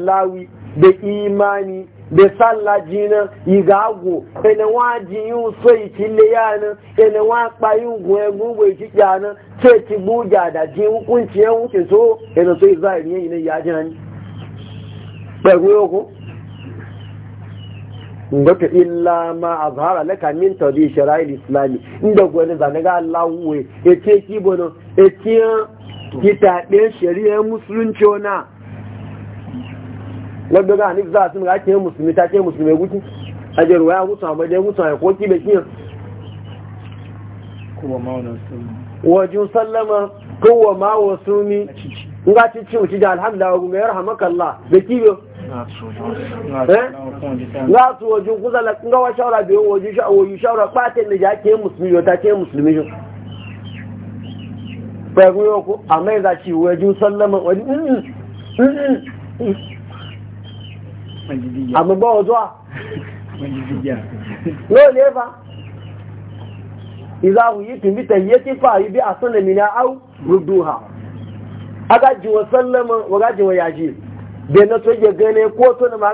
da imani da sallaji na igago ene wa ji yin so iti le ya na ene wa pa yin gun egun bo iti ja na ce ti buja da ji hukun ci yan e wuce so ene so israeli e yin ne ya jan pẹ̀lú yòókù ngoke illa ma azhara laka min tabi shara'il islami inda gwani zanaga Allahu we ete kibono etiyan e, kita ɗin shari'ar musulunci na wadda ga hanif za a sun ake yin musulmi ta ce musulmi guki a jeruwa ya mutu amma dai mutu ya koki da kiyan wajen sallama kowa ma wasu ni nga ci ci uci da alhamdulillah wa gumeyar hamakallah da kibiyo nga su wajen kuzala nga wa shawara biyu wajen sha'awoyi shawara ɓatin da ja ke yin musulmi ta ke yin musulmi shi bai guyo ku amma ya za ci wajen sallama wajen àgbẹ̀gbọ́ ọjọ́ à lóò lè fa ìzáhùn yìí tìbí tí fà yìí bí ní rúdú ha ma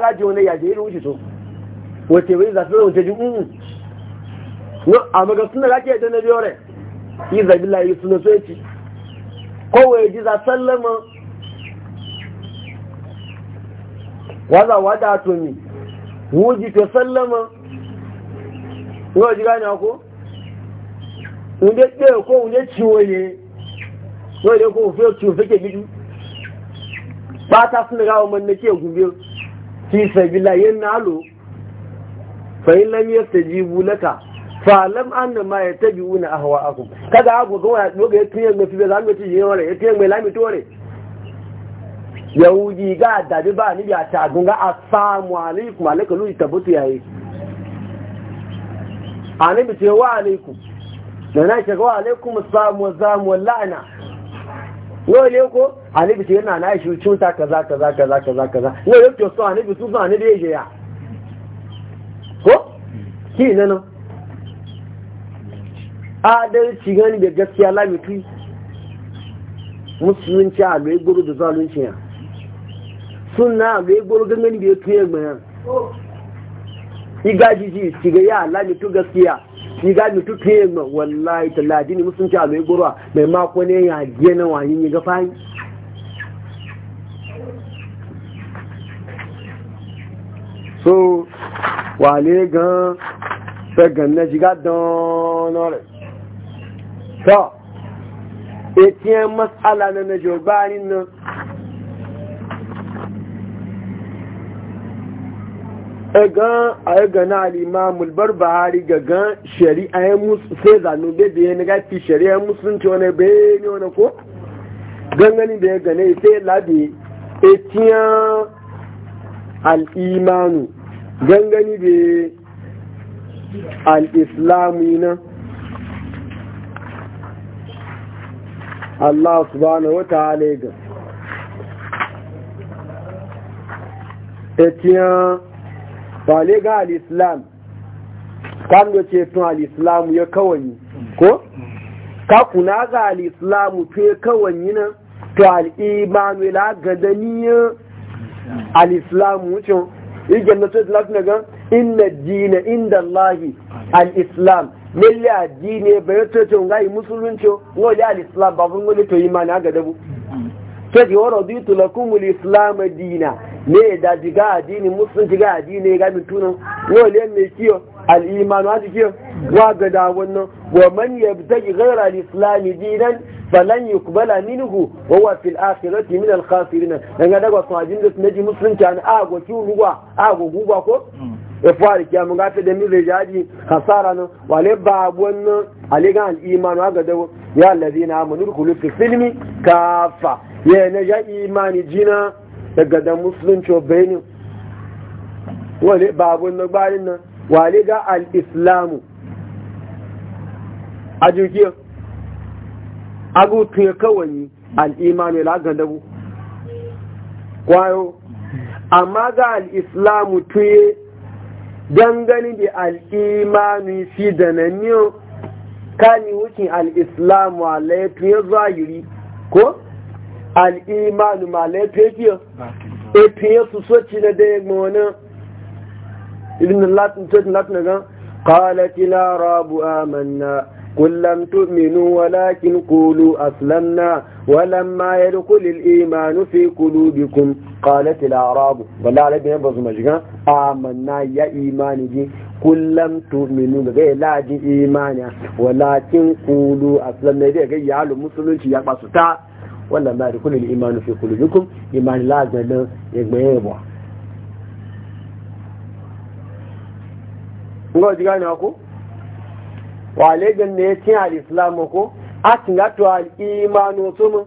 a waza wada to ni wuji to sallama yau ji gane ko unde pe ko unde ciwo ne yau ko fe ciwo fake bidu ba ta sun ga mun nake gube sai sabila yin nalo fa in lam yastajibu laka fa lam anna ma yatabi'una ahwa'akum kada abu ga wani doga ya tunya ga fi da zamu ci yin wala ya tunya mai lami tore yahudi ga dabi ba ni ya tagun ga assalamu alaikum alaikum lu tabutu yayi anabi ce wa alaikum da na ce wa alaikum assalamu assalamu wallana yau ne ko anabi ce yana na shi cuta kaza kaza kaza kaza kaza ne yau to so bi su so bi yaje ya ko ki nan adalci gani da gaskiya lamitu musulunci a mai gudu da zalunci ya suna ga yi goro gangan biyu tuye gbayan iga jiji shiga ya ala mitu gaskiya iga mitu tuye gba wallahi taladi ne musulunci a mai goro mai mako ne ya giye na wani ya gafa yi so wale gan fegan na shiga don re so etiyan matsala na na jobanin nan ga a ga na alimamul barbahari ga ga shari'a ya musu sai zanu ya naga fi shari'a wani ne ko gangani da ya sai labi e al'imanu gangani da al'islamu na Allah subhanahu wa ta'ala ga etiyan wale ga al’islam islam kan da ce tun al’islam ya kawai ko ka kuna ga al’islam islam to ya kawai nan to al-iman ila gadaniya al’islam wucin wuce yake na sai lafi ga inna jina inda Allahi al-islam lalle addini bai to ce ngai musulunci ngoli al’islam islam ba mun ngoli to imani ga dabu mm. sai yoro ditu tulakun al-islam dina ne da diga addini musulunci ga addini ga tunan wale mai kiyo al'imanu a kiyo wa ga wannan wa man yabtagi ghayra al-islam dinan falan yuqbala minhu wa huwa fil akhirati min al-khasirin dan ga daga sun ajin da sun ji musulunci an go ki ruwa go guba ko e fari ki ga gafe da mire jaji hasara no wale ba wannan aligan al-imanu ga dawo ya alladhina amanu kullu fi silmi kafa ya na ja imani jina daga da musulunci benin wani babun na bayan nan wale ga al’islamu a jirgin agutun ya kawai al’imani ya lagan kwayo amma ga al'islamu tuye dangane da al'imani fi da na niyo kani wucin al'islamu a ya zahiri ko? al’imanu ma laifafi a e, fiye su soci na daya gmanin irin latin latin gan kawalaki na rabu amanna kullum tuminu walakin kulu aslanna walan ma ya rikulil imanu fi kulu bikun kawalaki na rabu wanda alaɗin yabba su majigan amanna ya imani ji kullum tuminu da zai laji imani walakin kulu aslanna ya gayyalo musulunci ya basu wannan ma da imanu fi kulubikum imani ya gbaye ba. ngo ji gane ko wa le gan ne tin al islam ko atin ga to al imanu tumu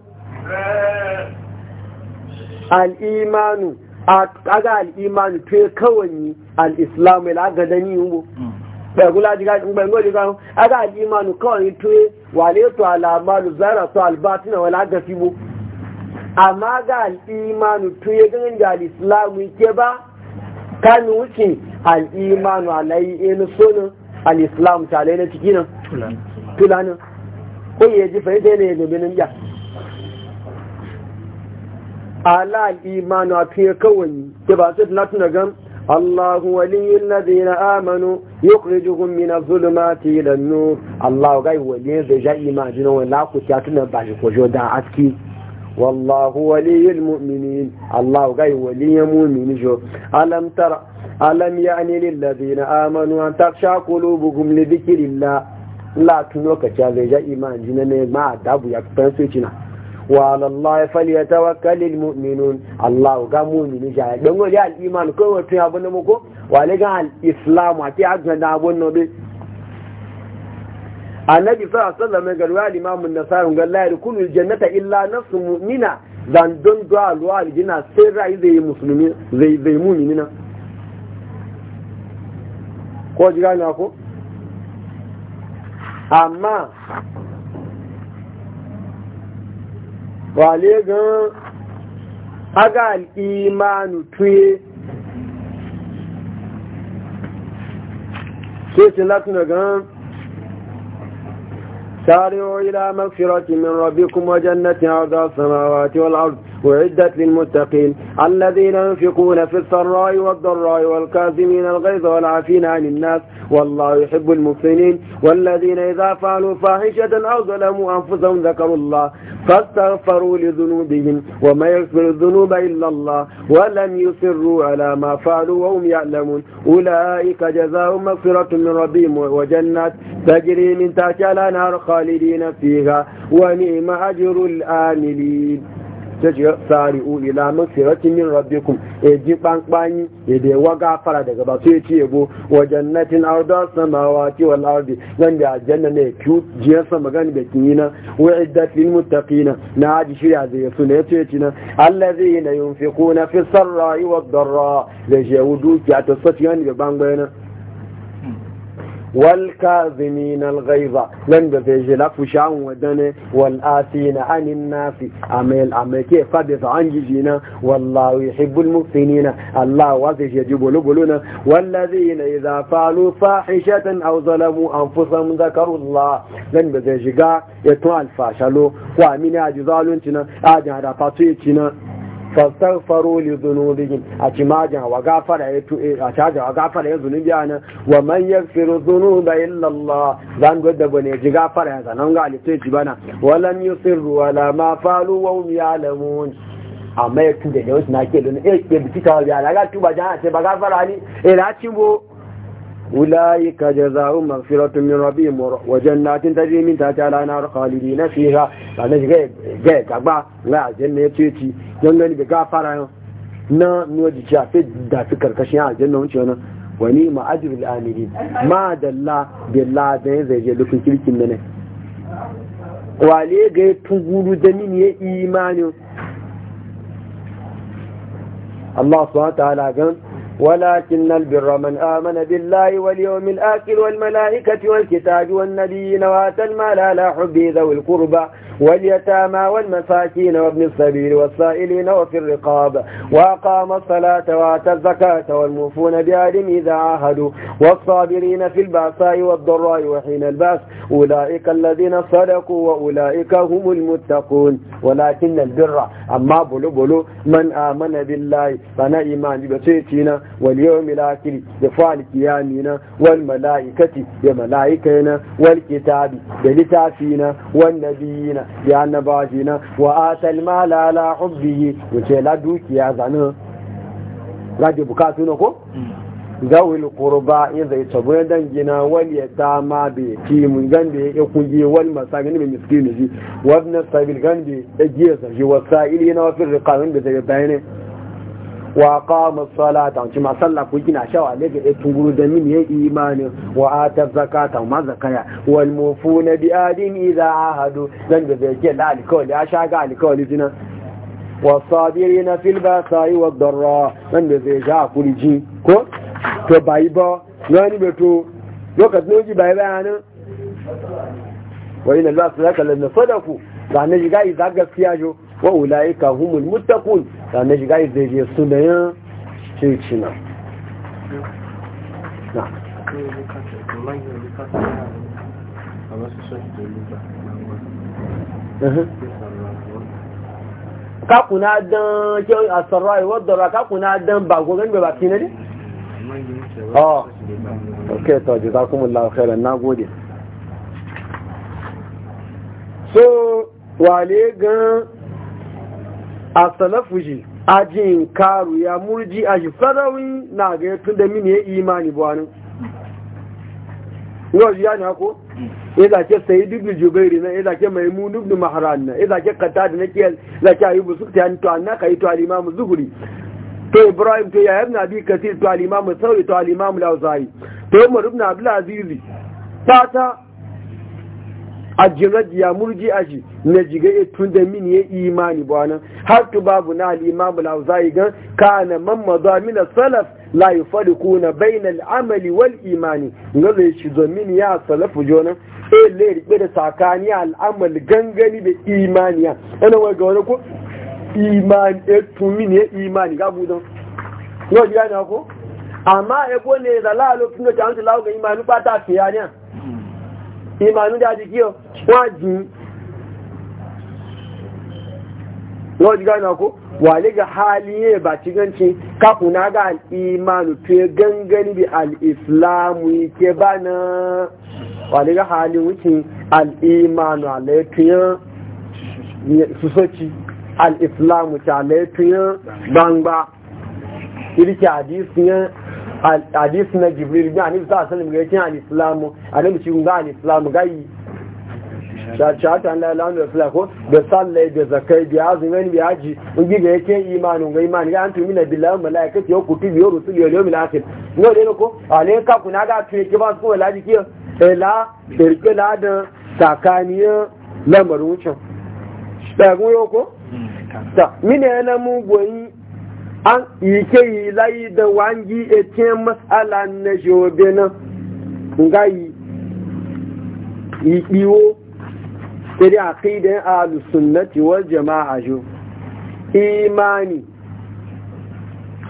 al imanu aga al imanu to kawani al islam la ni mu pẹ̀lú láti gbẹ̀ngbẹ̀ ìjọba agáàjì ìmánu kọ́ọ̀rin tó wà ga àlàmánù zara tó àlùbá tí náà lágàn sí wo àmá agáàjì ìmánu tó yẹ gẹ́gẹ́ ní alìsílámù ike bá kánú ṣì alìmánu àlàyé inú sónà alìsílámù tààlẹ́ ní tìkí gan الله ولي الذين آمنوا يخرجهم من الظلمات إلى النور الله غير ولي زجاء إماجنا ولا قتاتنا بعد وجودا عتكي والله ولي المؤمنين الله غير ولي المؤمنين جو ألم ترى ألم يعني للذين آمنوا أن تخشى قلوبهم لذكر الله لا تنوك تشاذجاء إماجنا ما أدابوا يكتنسوا ya وعلى الله فليتوكل المؤمنون الله ga mu'mini ja dan gode al iman ko wato ya bunne muko wale ga al islam ati ajna da bunno be A na alaihi wasallam ga ruwa imam an-nasari ga la yarkunu al-jannata illa nafsun mu'mina zan don do alwa al sai rai zai musulmi zai zai mu'minina ko jiga na ko amma wale gan aga al'imanu tuye sai latin gan sari'o ila magfirati min rabbikum wa jannatin arda samawati wal ardh أعدت للمتقين الذين ينفقون في السراء والضراء والكاظمين الغيظ والعافين عن الناس والله يحب المحسنين والذين إذا فعلوا فاحشة أو ظلموا أنفسهم ذكروا الله فاستغفروا لذنوبهم وما يغفر الذنوب إلا الله ولم يصروا على ما فعلوا وهم يعلمون أولئك جزاهم مغفرة من ربهم وجنات تجري من تحتها الأنهار خالدين فيها ونعم أجر الآملين ta ce tsari u ila min siratin min rabbikum e ji bankwani e da yawa gafara daga ba sai ce yabo wa jannatin arda samawati wal ardi nan da janna ne ku jiya sama gani da kinina wa iddat lil muttaqina na ji shirya da yasu ne ce ci na allazina yunfiquna fi sarra'i wad darra da jawdu ki ta sati gani da bankwani walka zininal gaiza lan da zai jila kushan wadane wal'afi na anin nafi a mai ke fadis an jiji na wallawi hibbul mutsini na allah wa zai shi ji bulubulu na yi na iza falu fahishatan a zalamu an fusa mun zakaru lan da zai shiga ya tun alfashalo kwa ji zalunci na a jihar da ci na fastaghfaru li dhunubihim a cimajan wa gafara ya tu a caja wa gafara ya zunubi nan wa man yaghfiru dhunuba illa Allah dan godda bane ji gafara ya zanan ga alitai ji bana walan yusirru wala ma falu wa hum ya'lamun amma ya tu da yau na ke lona eh ke bi ta ya la ga tuba jana ce ba gafara ni eh la bo أولئك جزاء مغفرة من ربهم وجنات تجري من تحتها الأنهار خالدين فيها فانا جاي جاي كبا لا جنة تيتي جنة بغفرة na nuwaji shafe da fi karkashin aljanna wuce wani wani ma'ajirul amiri ma da la da la da ya zai je lufin kirkin nan wale ga ya tunguru da min ya imanin Allah subhanahu wa ta'ala gan ولكن البر من آمن بالله واليوم الآخر والملائكة والكتاب والنبيين وآتى المال على حب ذوي القربى واليتامى والمساكين وابن السبيل والسائلين وفي الرقاب وأقام الصلاة وآتى الزكاة والموفون بأدم إذا عاهدوا والصابرين في البأساء والضراء وحين البأس أولئك الذين صدقوا وأولئك هم المتقون ولكن البر أما بلو بلو من آمن بالله فأنا إيمان بسيتنا واليوم الآخر دفعل قيامنا والملائكة يا والكتاب يا والنبيين na ba shi nan wa talma mala ala hubbihi wuce la dukiya zanin rage bukatu na ko hmm. zawil qurba in zai tabo dangina wal yatama bi fi mun gande ya kungi wal masakin bi miskini ji wa ibn sabil gande ya ji sa ji wasaili na fi riqabin da zai bayane wa qama salata ci ma salla ku kina shawa ne ga guru da min ya imani wa ata zakata ma zakaya wal mufuna bi adin idha ahadu dan da zai ke da alkawli ya shaga alkawli dinan wasabirina fil basa'i wad darra dan da zai ja ji ko to bai ba be to lokacin ji bai bayanin wa ina za su zaka da sadaku ga ne ga gaskiya jo wa ulaika humul muttaqun sannan shiga izai sunayen ceci na kakuna don ke asarra iwọ dọ̀rọ̀ kakuna don bago gani bai baki na ne? oh ok to jika kuma lafiyarar na gode so wale gan a salafu shi ajin karu ya murji a shi farawi na ga ya tun da mini ya imani buwanin yau ya ne ko ya zake sayi da jubairi na ya zake maimu da maharan na ya zake kata da na kiyar zake ayubu busu ta yi to ka yi to alimamu zuhuri to ibrahim to yi na bi kasir to alimamu sauri to alimamu Lausayi. to umar ibn abdul azizi fata a jirage murji a shi na jiga ya tun da min ya imani ba nan har tu babu na al'imamu na zai gan ka na mamma mina salaf la yi fari kuna bayan al'amali wal imani na zai shi domin ya salafu jona e le riɓe da sakani al'amali gangani da imaniya ana wai ga wani ko imani ya tun min ya hmm. imani ga budan yau jiya na ko amma ebo ne da lalo da ta lawo ga imani ba ta fiya ne imanu da jikiyo wọ́n jí wọ́n jí gánà kó wale ga haliye ba ciganci kafu na ga al'imanu fiye gangani bi al'islamu ke ba na wale ga hali wuce al'imanu alaifiyar susoci al'islamu ta alaifiyar gbangba irki hadisiyar hadisi na jibril ga anibu sa sanin ga yakin al'islamu anibu cikin ga al'islamu gayi shata na lamu da fulako da sallai da zakai da azumin da haji in giga yake imanin ga imani ga antu mina billahi malaikati yau kutu biyo rusul yau yawmil akhir no dai ko ale ka kuna ga tu yake ba su laji kiyo e la shirke e la da sakaniya lamarin wucin e da gun yau ko ta mine yana mu goyi an yake yi layi da wangi etin mas'ala na jobe na ngai yi iwo sai dai aqidan ahlus sunnati wal jama'a jo imani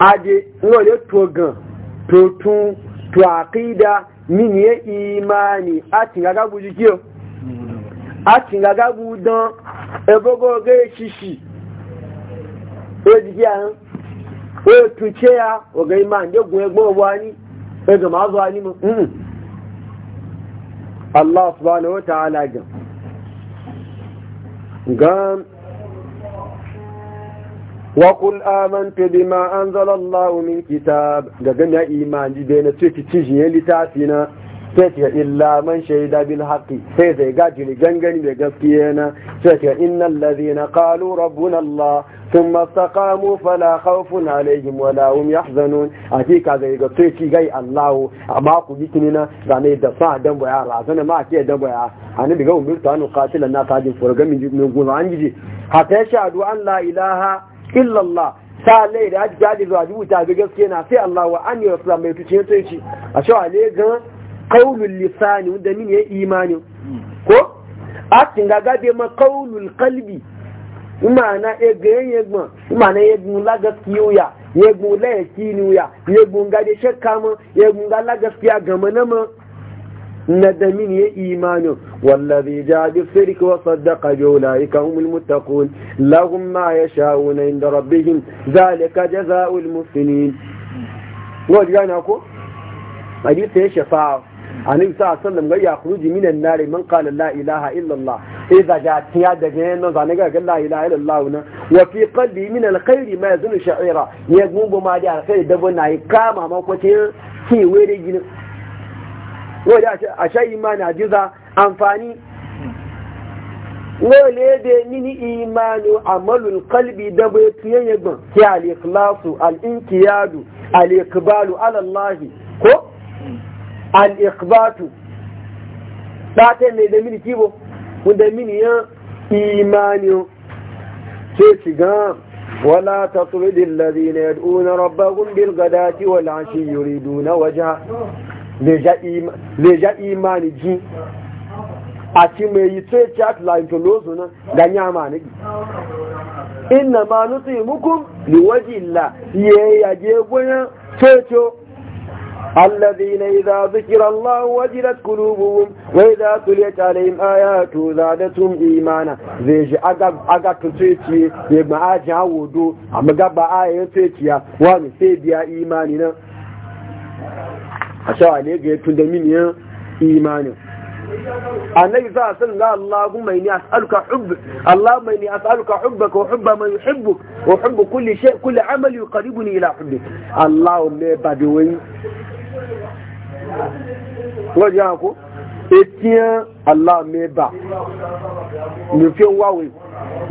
aje no le to gan to tun to aqida min ye imani ati gaga buji kiyo ati gaga budan ebogo ge shishi e e o di ya o tu che ya o ge ma nde gun egbo wa ni e ga ma zo ani mo Allah subhanahu wa ta'ala gan قام وقل آمنت بما أنزل الله من كتاب قام يا إيمان جدينا تشيكي تشيكي لتعسينا sai ta illa man shaida bil haqqi sai zai ga gangani da gaskiya na sai ta innal ladhina qalu rabbuna allah thumma istaqamu fala khawfun alaihim wala hum yahzanun hakika zai ga sai ki gai allah amma ku jikini na ne da sa dan baya razana ma ke dan baya annabi ga umar ta nu qatilan na tajin furgamin jibin gona an ha ta shahadu an la ilaha illa allah ta lai da hajji zuwa dubu ta bi gaskiya na sai Allah wa an yi rasu mai tuce tuce a ne gan qaulul lisani wanda nini ya imani ko a tinga gabe ma qaulul qalbi umana e gayen yegma umana yegun la gaskiyo ya yegun la yakini ya ga de shakka mu yegun ga la gaskiya gama na ma na da min ya imani wallazi ja bi sirki wa saddaqa bi ulaika humul muttaqun lahum ma yashauna inda rabbihim zalika jazaa'ul muslimin ko jigana ko hadisi ya shafa'a annabi sa sallam ga ya khuruji minan nar man qala la ilaha illa allah idza ja tiya da ga nan zane ga la ilaha illa allah na wa fi qalbi min al khair ma yazun sha'ira ya gubu ma da alkhair da bana yi kama ma ko ce ki were gina wa da a sha imani ajiza amfani le da mini imanu amalul qalbi da bai tiyan yagbon ki al-ikhlasu al-inkiyadu al iqbalu ala Allah ko al'ikbatu ta ta da mini kibo wanda mini ya imani ce shiga wala ta turidin lalina ya duna rabbagun bilgadati wala shi yuri duna waja zai ja imani ji a ci mai yi ce chat lantolosu nan ganye amaniki inna ma nutsi mukun liwaji la yayyage gwayan ceto الذين إذا ذكر الله وجلت قلوبهم وإذا تليت عليهم آياته زادتهم إيمانا زيج أقب أقب تسيتي يبقى آجها ودو أما قبع آية تسيتي وامي سيديا إيماننا أشاء عليك يتندمين إيمانا النبي صلى الله عليه وسلم قال اللهم إني أسألك حب اللهم إني أسألك حبك وحب من يحبك وحب كل شيء كل عمل يقربني إلى حبك اللهم بدوي lọ́jọ́ àkó etíyàn aláàmẹ́bà nufin wáwé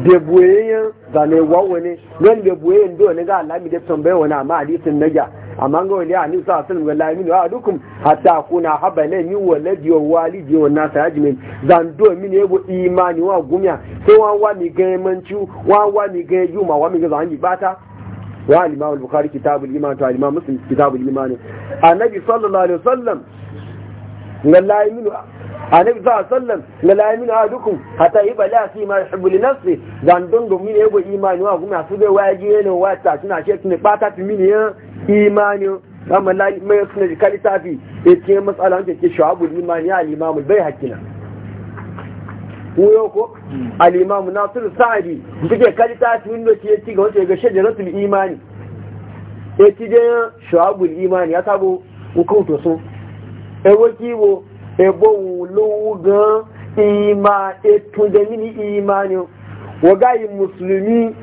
bẹ̀bùwẹ̀yẹn zane wáwé ne lọ́n bẹ̀bùwẹ̀yẹn dọ̀ ní ga alámi da tambayar wani àmà àdísìn náà amma ga wani a nisa asalin ga lamini wa dukkan haba ne yi wa wali biyu wa imani wa sai an yi bata wa al-imam al-bukhari kitabul iman to al-imam muslim kitabul iman annabi sallallahu alaihi wasallam wallahi min annabi sallallahu alaihi wasallam wallahi min ahadukum hatta yibala fi ma yuhibbu li nafsi min ego imani wa kuma su be waje ne wa ta tuna she tuna pata fi min ya imani amma la mai suna kalitafi e ke mas'ala ke ke shu'abul imani ya al-imam al koyo al'imamu na imam nasir kalita su inda ke ci ga wace ga shajaratul imani e ci je shu'abul imani ya tabo hukunto so e wakibo e bo wulu ima e tun da mini imani wa gayi musulmi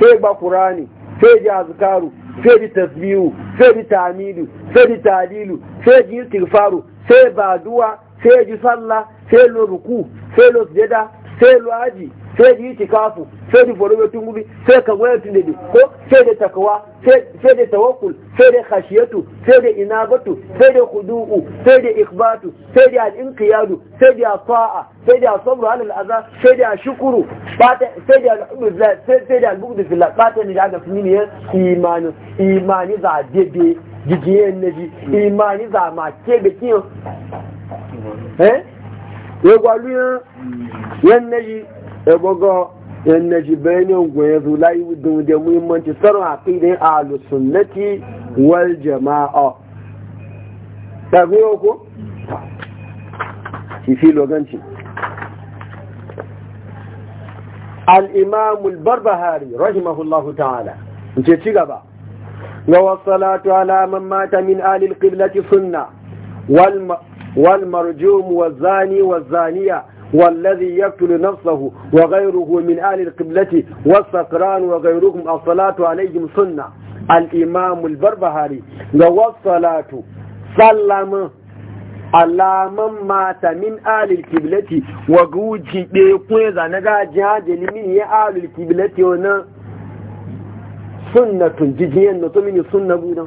sai ba qur'ani sai ji azukaru sai ji tasbihu sai ji tamidu sai ji talilu sai ji istighfaru sai ba duwa sai ji sallah sai lo ruku selo zeda selo aji lo haji sai ji ci kafu sai ji foro tun gubi sai ka goya tun dade ko sai da takawa sai da tawakkul khashiyatu sai inagatu inabatu khudu'u sai da ikhbatu sai al-inqiyadu sai asaa ta'a asabru ala sabru alal aza sai da al-ubza sai da al-bughd fila bata ni daga fini ya imani imani za dede jijiyen neji imani za ma ke kiyo eh egwaluya yannaji ebogo yannaji bayanin gwaye zula yi da muhimmanci tsarin aƙidin alusunnati wal jama'a ɗabi yau fi loganci al'imamul barbahari rahimahullahu ta'ala ce ci gaba ga wasu salatu ala man mata min alil qiblati sunna والمرجوم والزاني والزانية والذي يقتل نفسه وغيره من آل القبلة والسكران وغيرهم الصلاة عليهم سنة الإمام البربهاري والصلاة سلم alaman mata min alil kibilati wa guji ɗaya kun zane gajin hajjali min ya alil kibilati wani sunnatun jijiyen na to mini sunna budan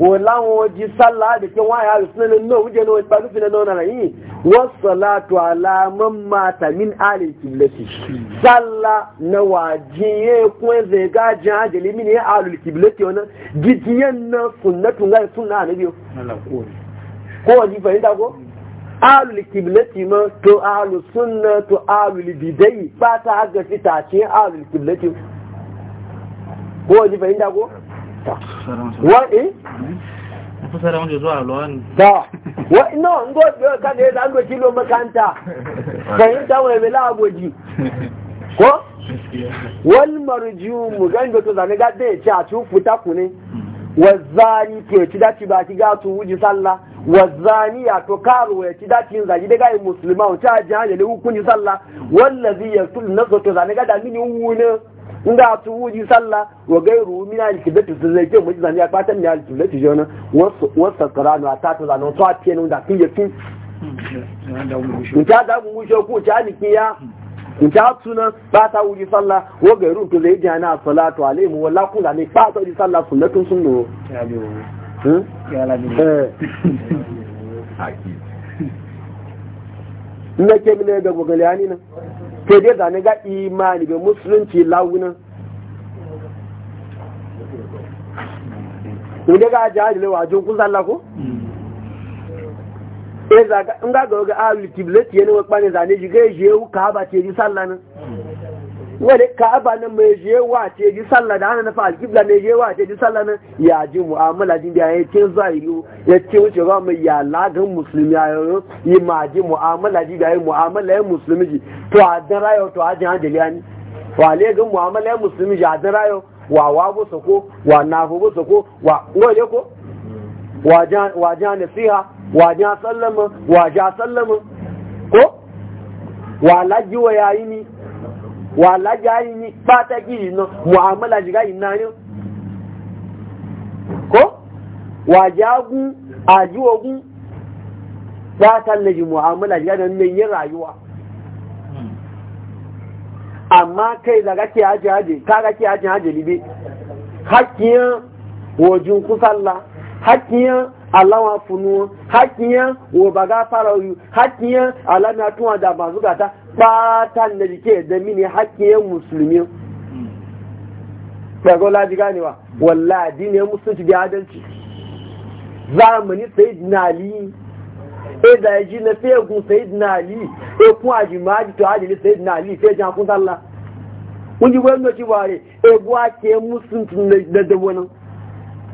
wọ́láwọn ojì sálà àdìkẹ́ wọ́n àyà àrùsílẹ̀ náà wújẹ́ náà ìpàdúfin náà nàrà yìí wọ́n sọ̀lá tó àlàmọ́ máa tàmí àrè kìbìlẹ̀tì sálà na wà jíyẹ kún ẹ̀zẹ̀ gájẹ́ àjẹ̀lẹ̀ mí ní àrùn kìbìlẹ̀tì ọ̀nà jíjìyẹ náà sùnà tún láì sùnà àníbi o. kó wọ́n jí fẹ̀yìntà kó àrùn kìbìlẹ̀tì mọ́ tó àrùn sùnà tó wa eh fasara wanda zuwa alwan da wa no ngo ka da da ngo kilo makanta kai ta wa bela agoji ko wal marjum gan go to zane ga de ci a tu futa kune wazani ke ci daci ci ba ki ga tu wuji sallah wazaniya to karu ya ci da cin zagi daga musulman ta ji hanyar hukuni salla, wallazi ya sul nazo ga da mini wuna nga tu wuji sallah wa gairu min al-kiblati su zai ke muji zaniya fatan min al-kiblati jona wasu wasu qur'anu atata zanu to atiye nun da kinje kin nta da mu sho ku ta ni kiya nta tuna ba ta wuji sallah wa gairu to zai jana salatu alaihi wala da ne ba ta wuji sallah sunnatun sunno hmm? ya la ni eh nake mine ga ke dai zane ga imani bai musulunci launin inda ga ajiye ajiye wa jin kusa Allah ko? in ga ga ga alu kiblati yana zane ga ya ba ji wani ka'aba nan mai je wa ce ji sallah da ana nafa alkibla mai je wa ce ji sallah na ya ji mu'amala din da ya ce zahiri ya ce wuce ba mai ya lagun musulmi ya yi ma ji mu'amala ji da ya mu'amala ya musulmi ji to a dan rayo to a jin hajjali ni wa legan mu'amala ya musulmi ji a dan rayo wa wa bu sako wa na bu sako wa ngole ko wa jan nasiha wa jan sallama wa jan sallama ko wa lajiwa yayi ni wà lájá yìí ní pátákì yìí náà muhammadu jìgá yìí náà yóò kó wà jágún àjú ogun pátákì lè jì muhammadu jìgá náà ní yin rayuwa amma kai daga ke aji aji kaga ke aji aji libe hakkiyan wajin kusalla hakkiyan alawa funuwa hakkiyan wo baga fara yi hakkiyan alamiya tuwa da masu gata ɓatan da jike da mini haƙƙiyar musulmi daga wala ji ganewa walla addinin musulunci da adalci zamani sayid na ali e da ya na fegun sayid na ali e kun ajimaji to adili sayid na ali fe jan kun sallah kun ji wani doki bare e buwa ke musulunci da dabonin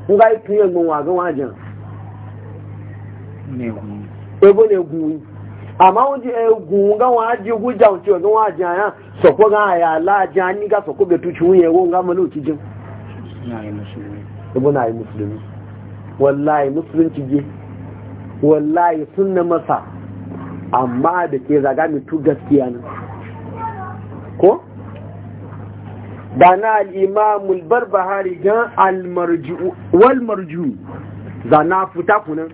kun ga yi tun yanzu wa gan wajen ebo ne gumi e Amma wọ́n di egun nga wọ́n á di ogun wọ́n á jẹ sọ̀kọ́ ga àyà aláàjẹ anígá sọ̀kọ́ bẹ̀ tuntun yẹn wọ́n nga mọ́lẹ́ òtí jẹun. ibùnà àyè mùsùlùmí wàláyé mùsùlùmí ti masa amma da ke zaga mai tu gaskiya ko? barbahari wal marju zana fita kunan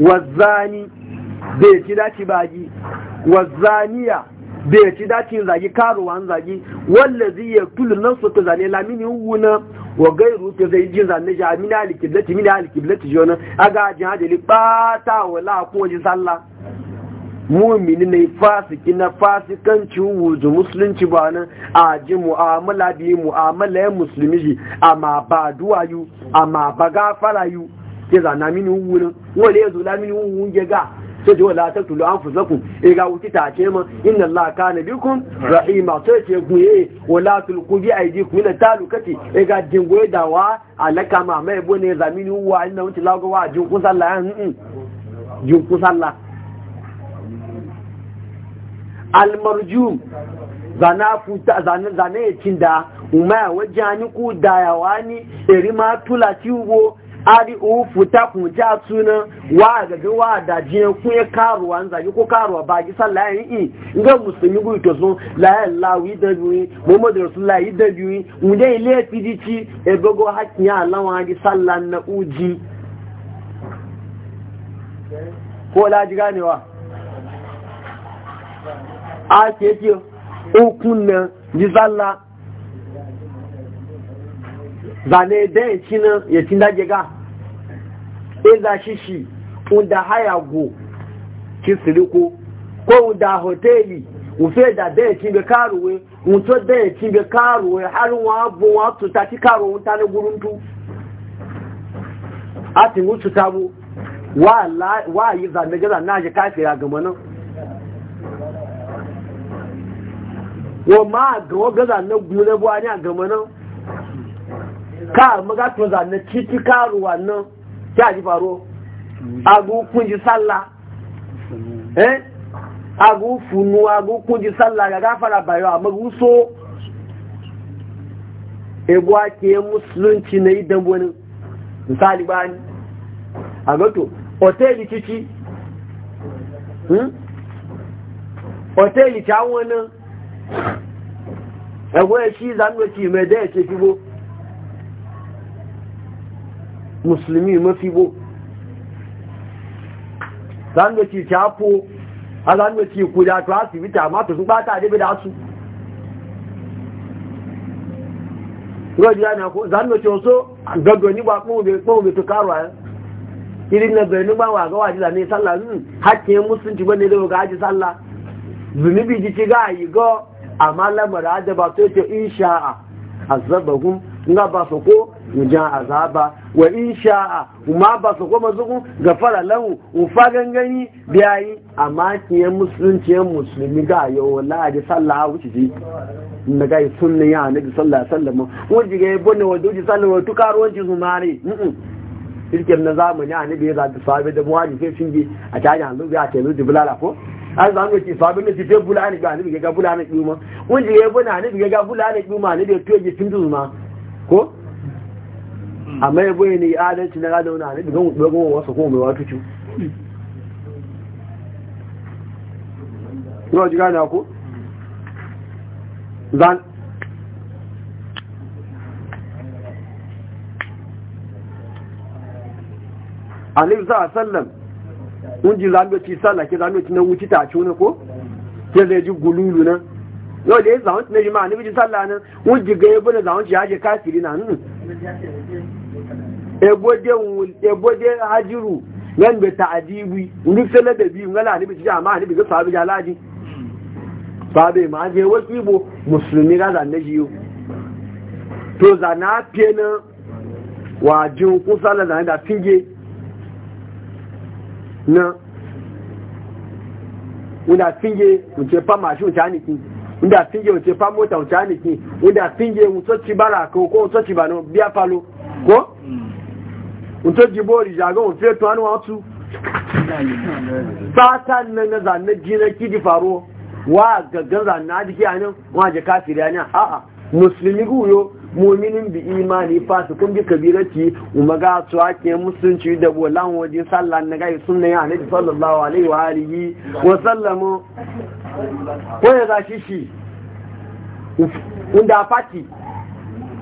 wazzani bai ci dace bagi wa zaniya bai ci dace zagi karuwan zagi zai ya tulu nan su ta zane lamini wuna wa gairu ta zai jin zane ja amina alkiblati mina alkiblati jona ga ajin hajjali bata wa kuma jin sallah mumini ne fasiki na fasikanci wuzu musulunci ba nan a ji mu'amala bi mu'amala ya musulmi a ma ba duwayu ma ba gafara yu ke zana mini wuwunan wale ya zo lamini wuwun ga sai ce wala taqtulu anfusakum e ga wuti ta ce ma inna allaha kana bikum rahima sai ce guye eh, wala tulqu bi aydikum min talukati e eh, ga dingoye dawa alaka ma mai bone zamini wa inna wuti lago wa jin ku sallah hin mm, mm. jin ku sallah marjum zana futa zana zane cinda umma wajani ku dayawa ni erima tula wo ari u futa kun ja tuna wa ga ga wa da je kunye ya karuwa an zagi ko karuwa ba gi sallah yin yi ga musulmi gu to so la la wi da bi muhammadu rasulullah da bi mu dai ile fidici e bogo hakki ya allah wa gi sallah na uji ko la ji wa a ke ke okun na ji sallah zane dan cinan ya cin ga e shishi unda haya go ko unda hoteli ufe da dan cin karuwe unto dan cin karuwe har wa bu wa to ta unta ne guruntu ati mutu tabu wala wa yi zane na je kafira ka maga to za na titi karuwa nan ya ji faro agu kunji sallah eh agu funu agu kunji sallah ga gafara bayo amma guso ebuwa ke musulunci na idan wani misali bani agato gato oteli cici oteli ta wani ẹgbẹ́ ṣí ìzánúwẹ̀kì mẹ́dẹ́ ẹ̀kẹ́ fígbó musulmi mafi bo Za da ce cafo a za da ce kuda to asibiti amma to sun bata dabe da su rọ́jì yánà kó zánà tí ó só gọ́gọ́ nígbà pọ́wọ́bẹ̀ tó kárọ̀ ẹ́ irin na bẹ̀rẹ̀ nígbà wà gọ́wà jíla ní sálà nínú hakkin musulun ti gbọ́nà ilẹ̀ ajé sálà zunubi ji ci ga yi gọ́ àmà lamar adaba tó ce insha a azabagun nga ba su ko wujan azaba wa in sha'a ma ba su kuma zuku ga fara lahu ufa gangani biya yi a makiyar musulunci yan musulmi ga yau wallahi sallah a wuce ji na gai sunni ya na sallah sallama wajen ga yabo ne wanda wuce sallah wato karuwanci su mare irkin na zamani a nabi ya zaɓi sabi da muhaji sai shinge a cajin hanzu ga telu da bulala ko an zama ki sabi na fife bulani ga nabi ga bulani ɗuma wanda ya yabo na nabi ga bulani ɗuma nabi ya tuye ji sun ko amma ya bai ne adalci na gada wani hannu gan wuɗe goma wasu kuma mai wata cu yau ji gane ku zan alif za a sallam unji zamiyoci sallah ke zamiyoci na wuci ta ci wani ko ke zai ji gululu nan yau da ya zaunci na jima'a na biji sallah nan unji ga yabo na zaunci ya je kafiri na nan ebode hajiru yan be ta'adibi ngi na da bi ngala ni bi jama ni bi ga sahabi jalaji sahabi ma je waki bo musulmi ga zanne jiyo to za na zana na wa jin kusa na zane da finge na wanda finge wuce fa mashin wuce haniki wanda finge wuce fa mota wuce haniki wanda finge wuce ci bara ko wuce ci ba biya falo ko to jibo rija ga on fetu anu watu satan nan na na zanne jina kidi faro wa gaggan na zanne adiki anan wa je kafiri anan a a muslimi guyo mu'minin bi imani kun bi kabirati umaga su ake musulunci da bolan waje sallah na gai sunna ya annabi sallallahu alaihi wa alihi wa sallamu ko ya gashi shi inda fati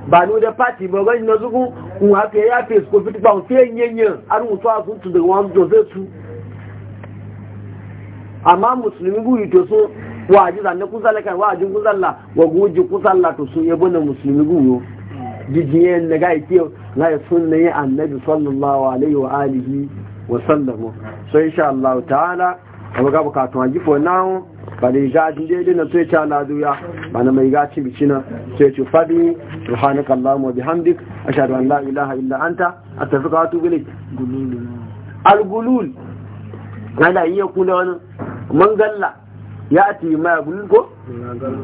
ba ni da party ba ga na zugu un haka ya face su kofi ba un fe yenyen an mutu a sun tudu wan do zai su amma musulmi bu yi to so waji zanne kun salla kan waji kun wa to sun yabo na musulmi jijiye na ga ike na annabi sallallahu alaihi wa alihi wa sallam so insha Allah ta'ala kuma ga bukatu a gifo nan ba da iga jin daidai na sai ta zuya ba na mai gaci bici na sai ce fadi ruhani kallon mu bi hamdik a ashhadu an la ilaha illa anta astaghfiruka wa atubu ilayk al-gulul yi ya kula wani mangalla ya ti bi maya gulul ko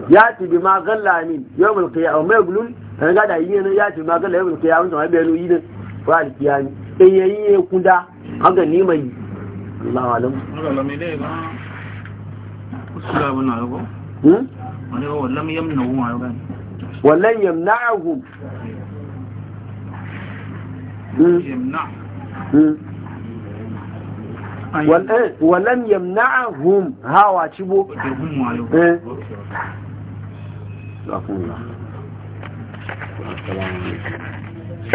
ya ti bi ma galla ne yau yawmul ya mai gulul an ga da yi ne ya ti ma galla yawmul qiyamah to ai bayanu yi ne wa al ɗaya yi ya kuda haka ne mai Allahu alam lam ile ga usula hmm? oh, hmm? yamna hmm? eh, hawa cibo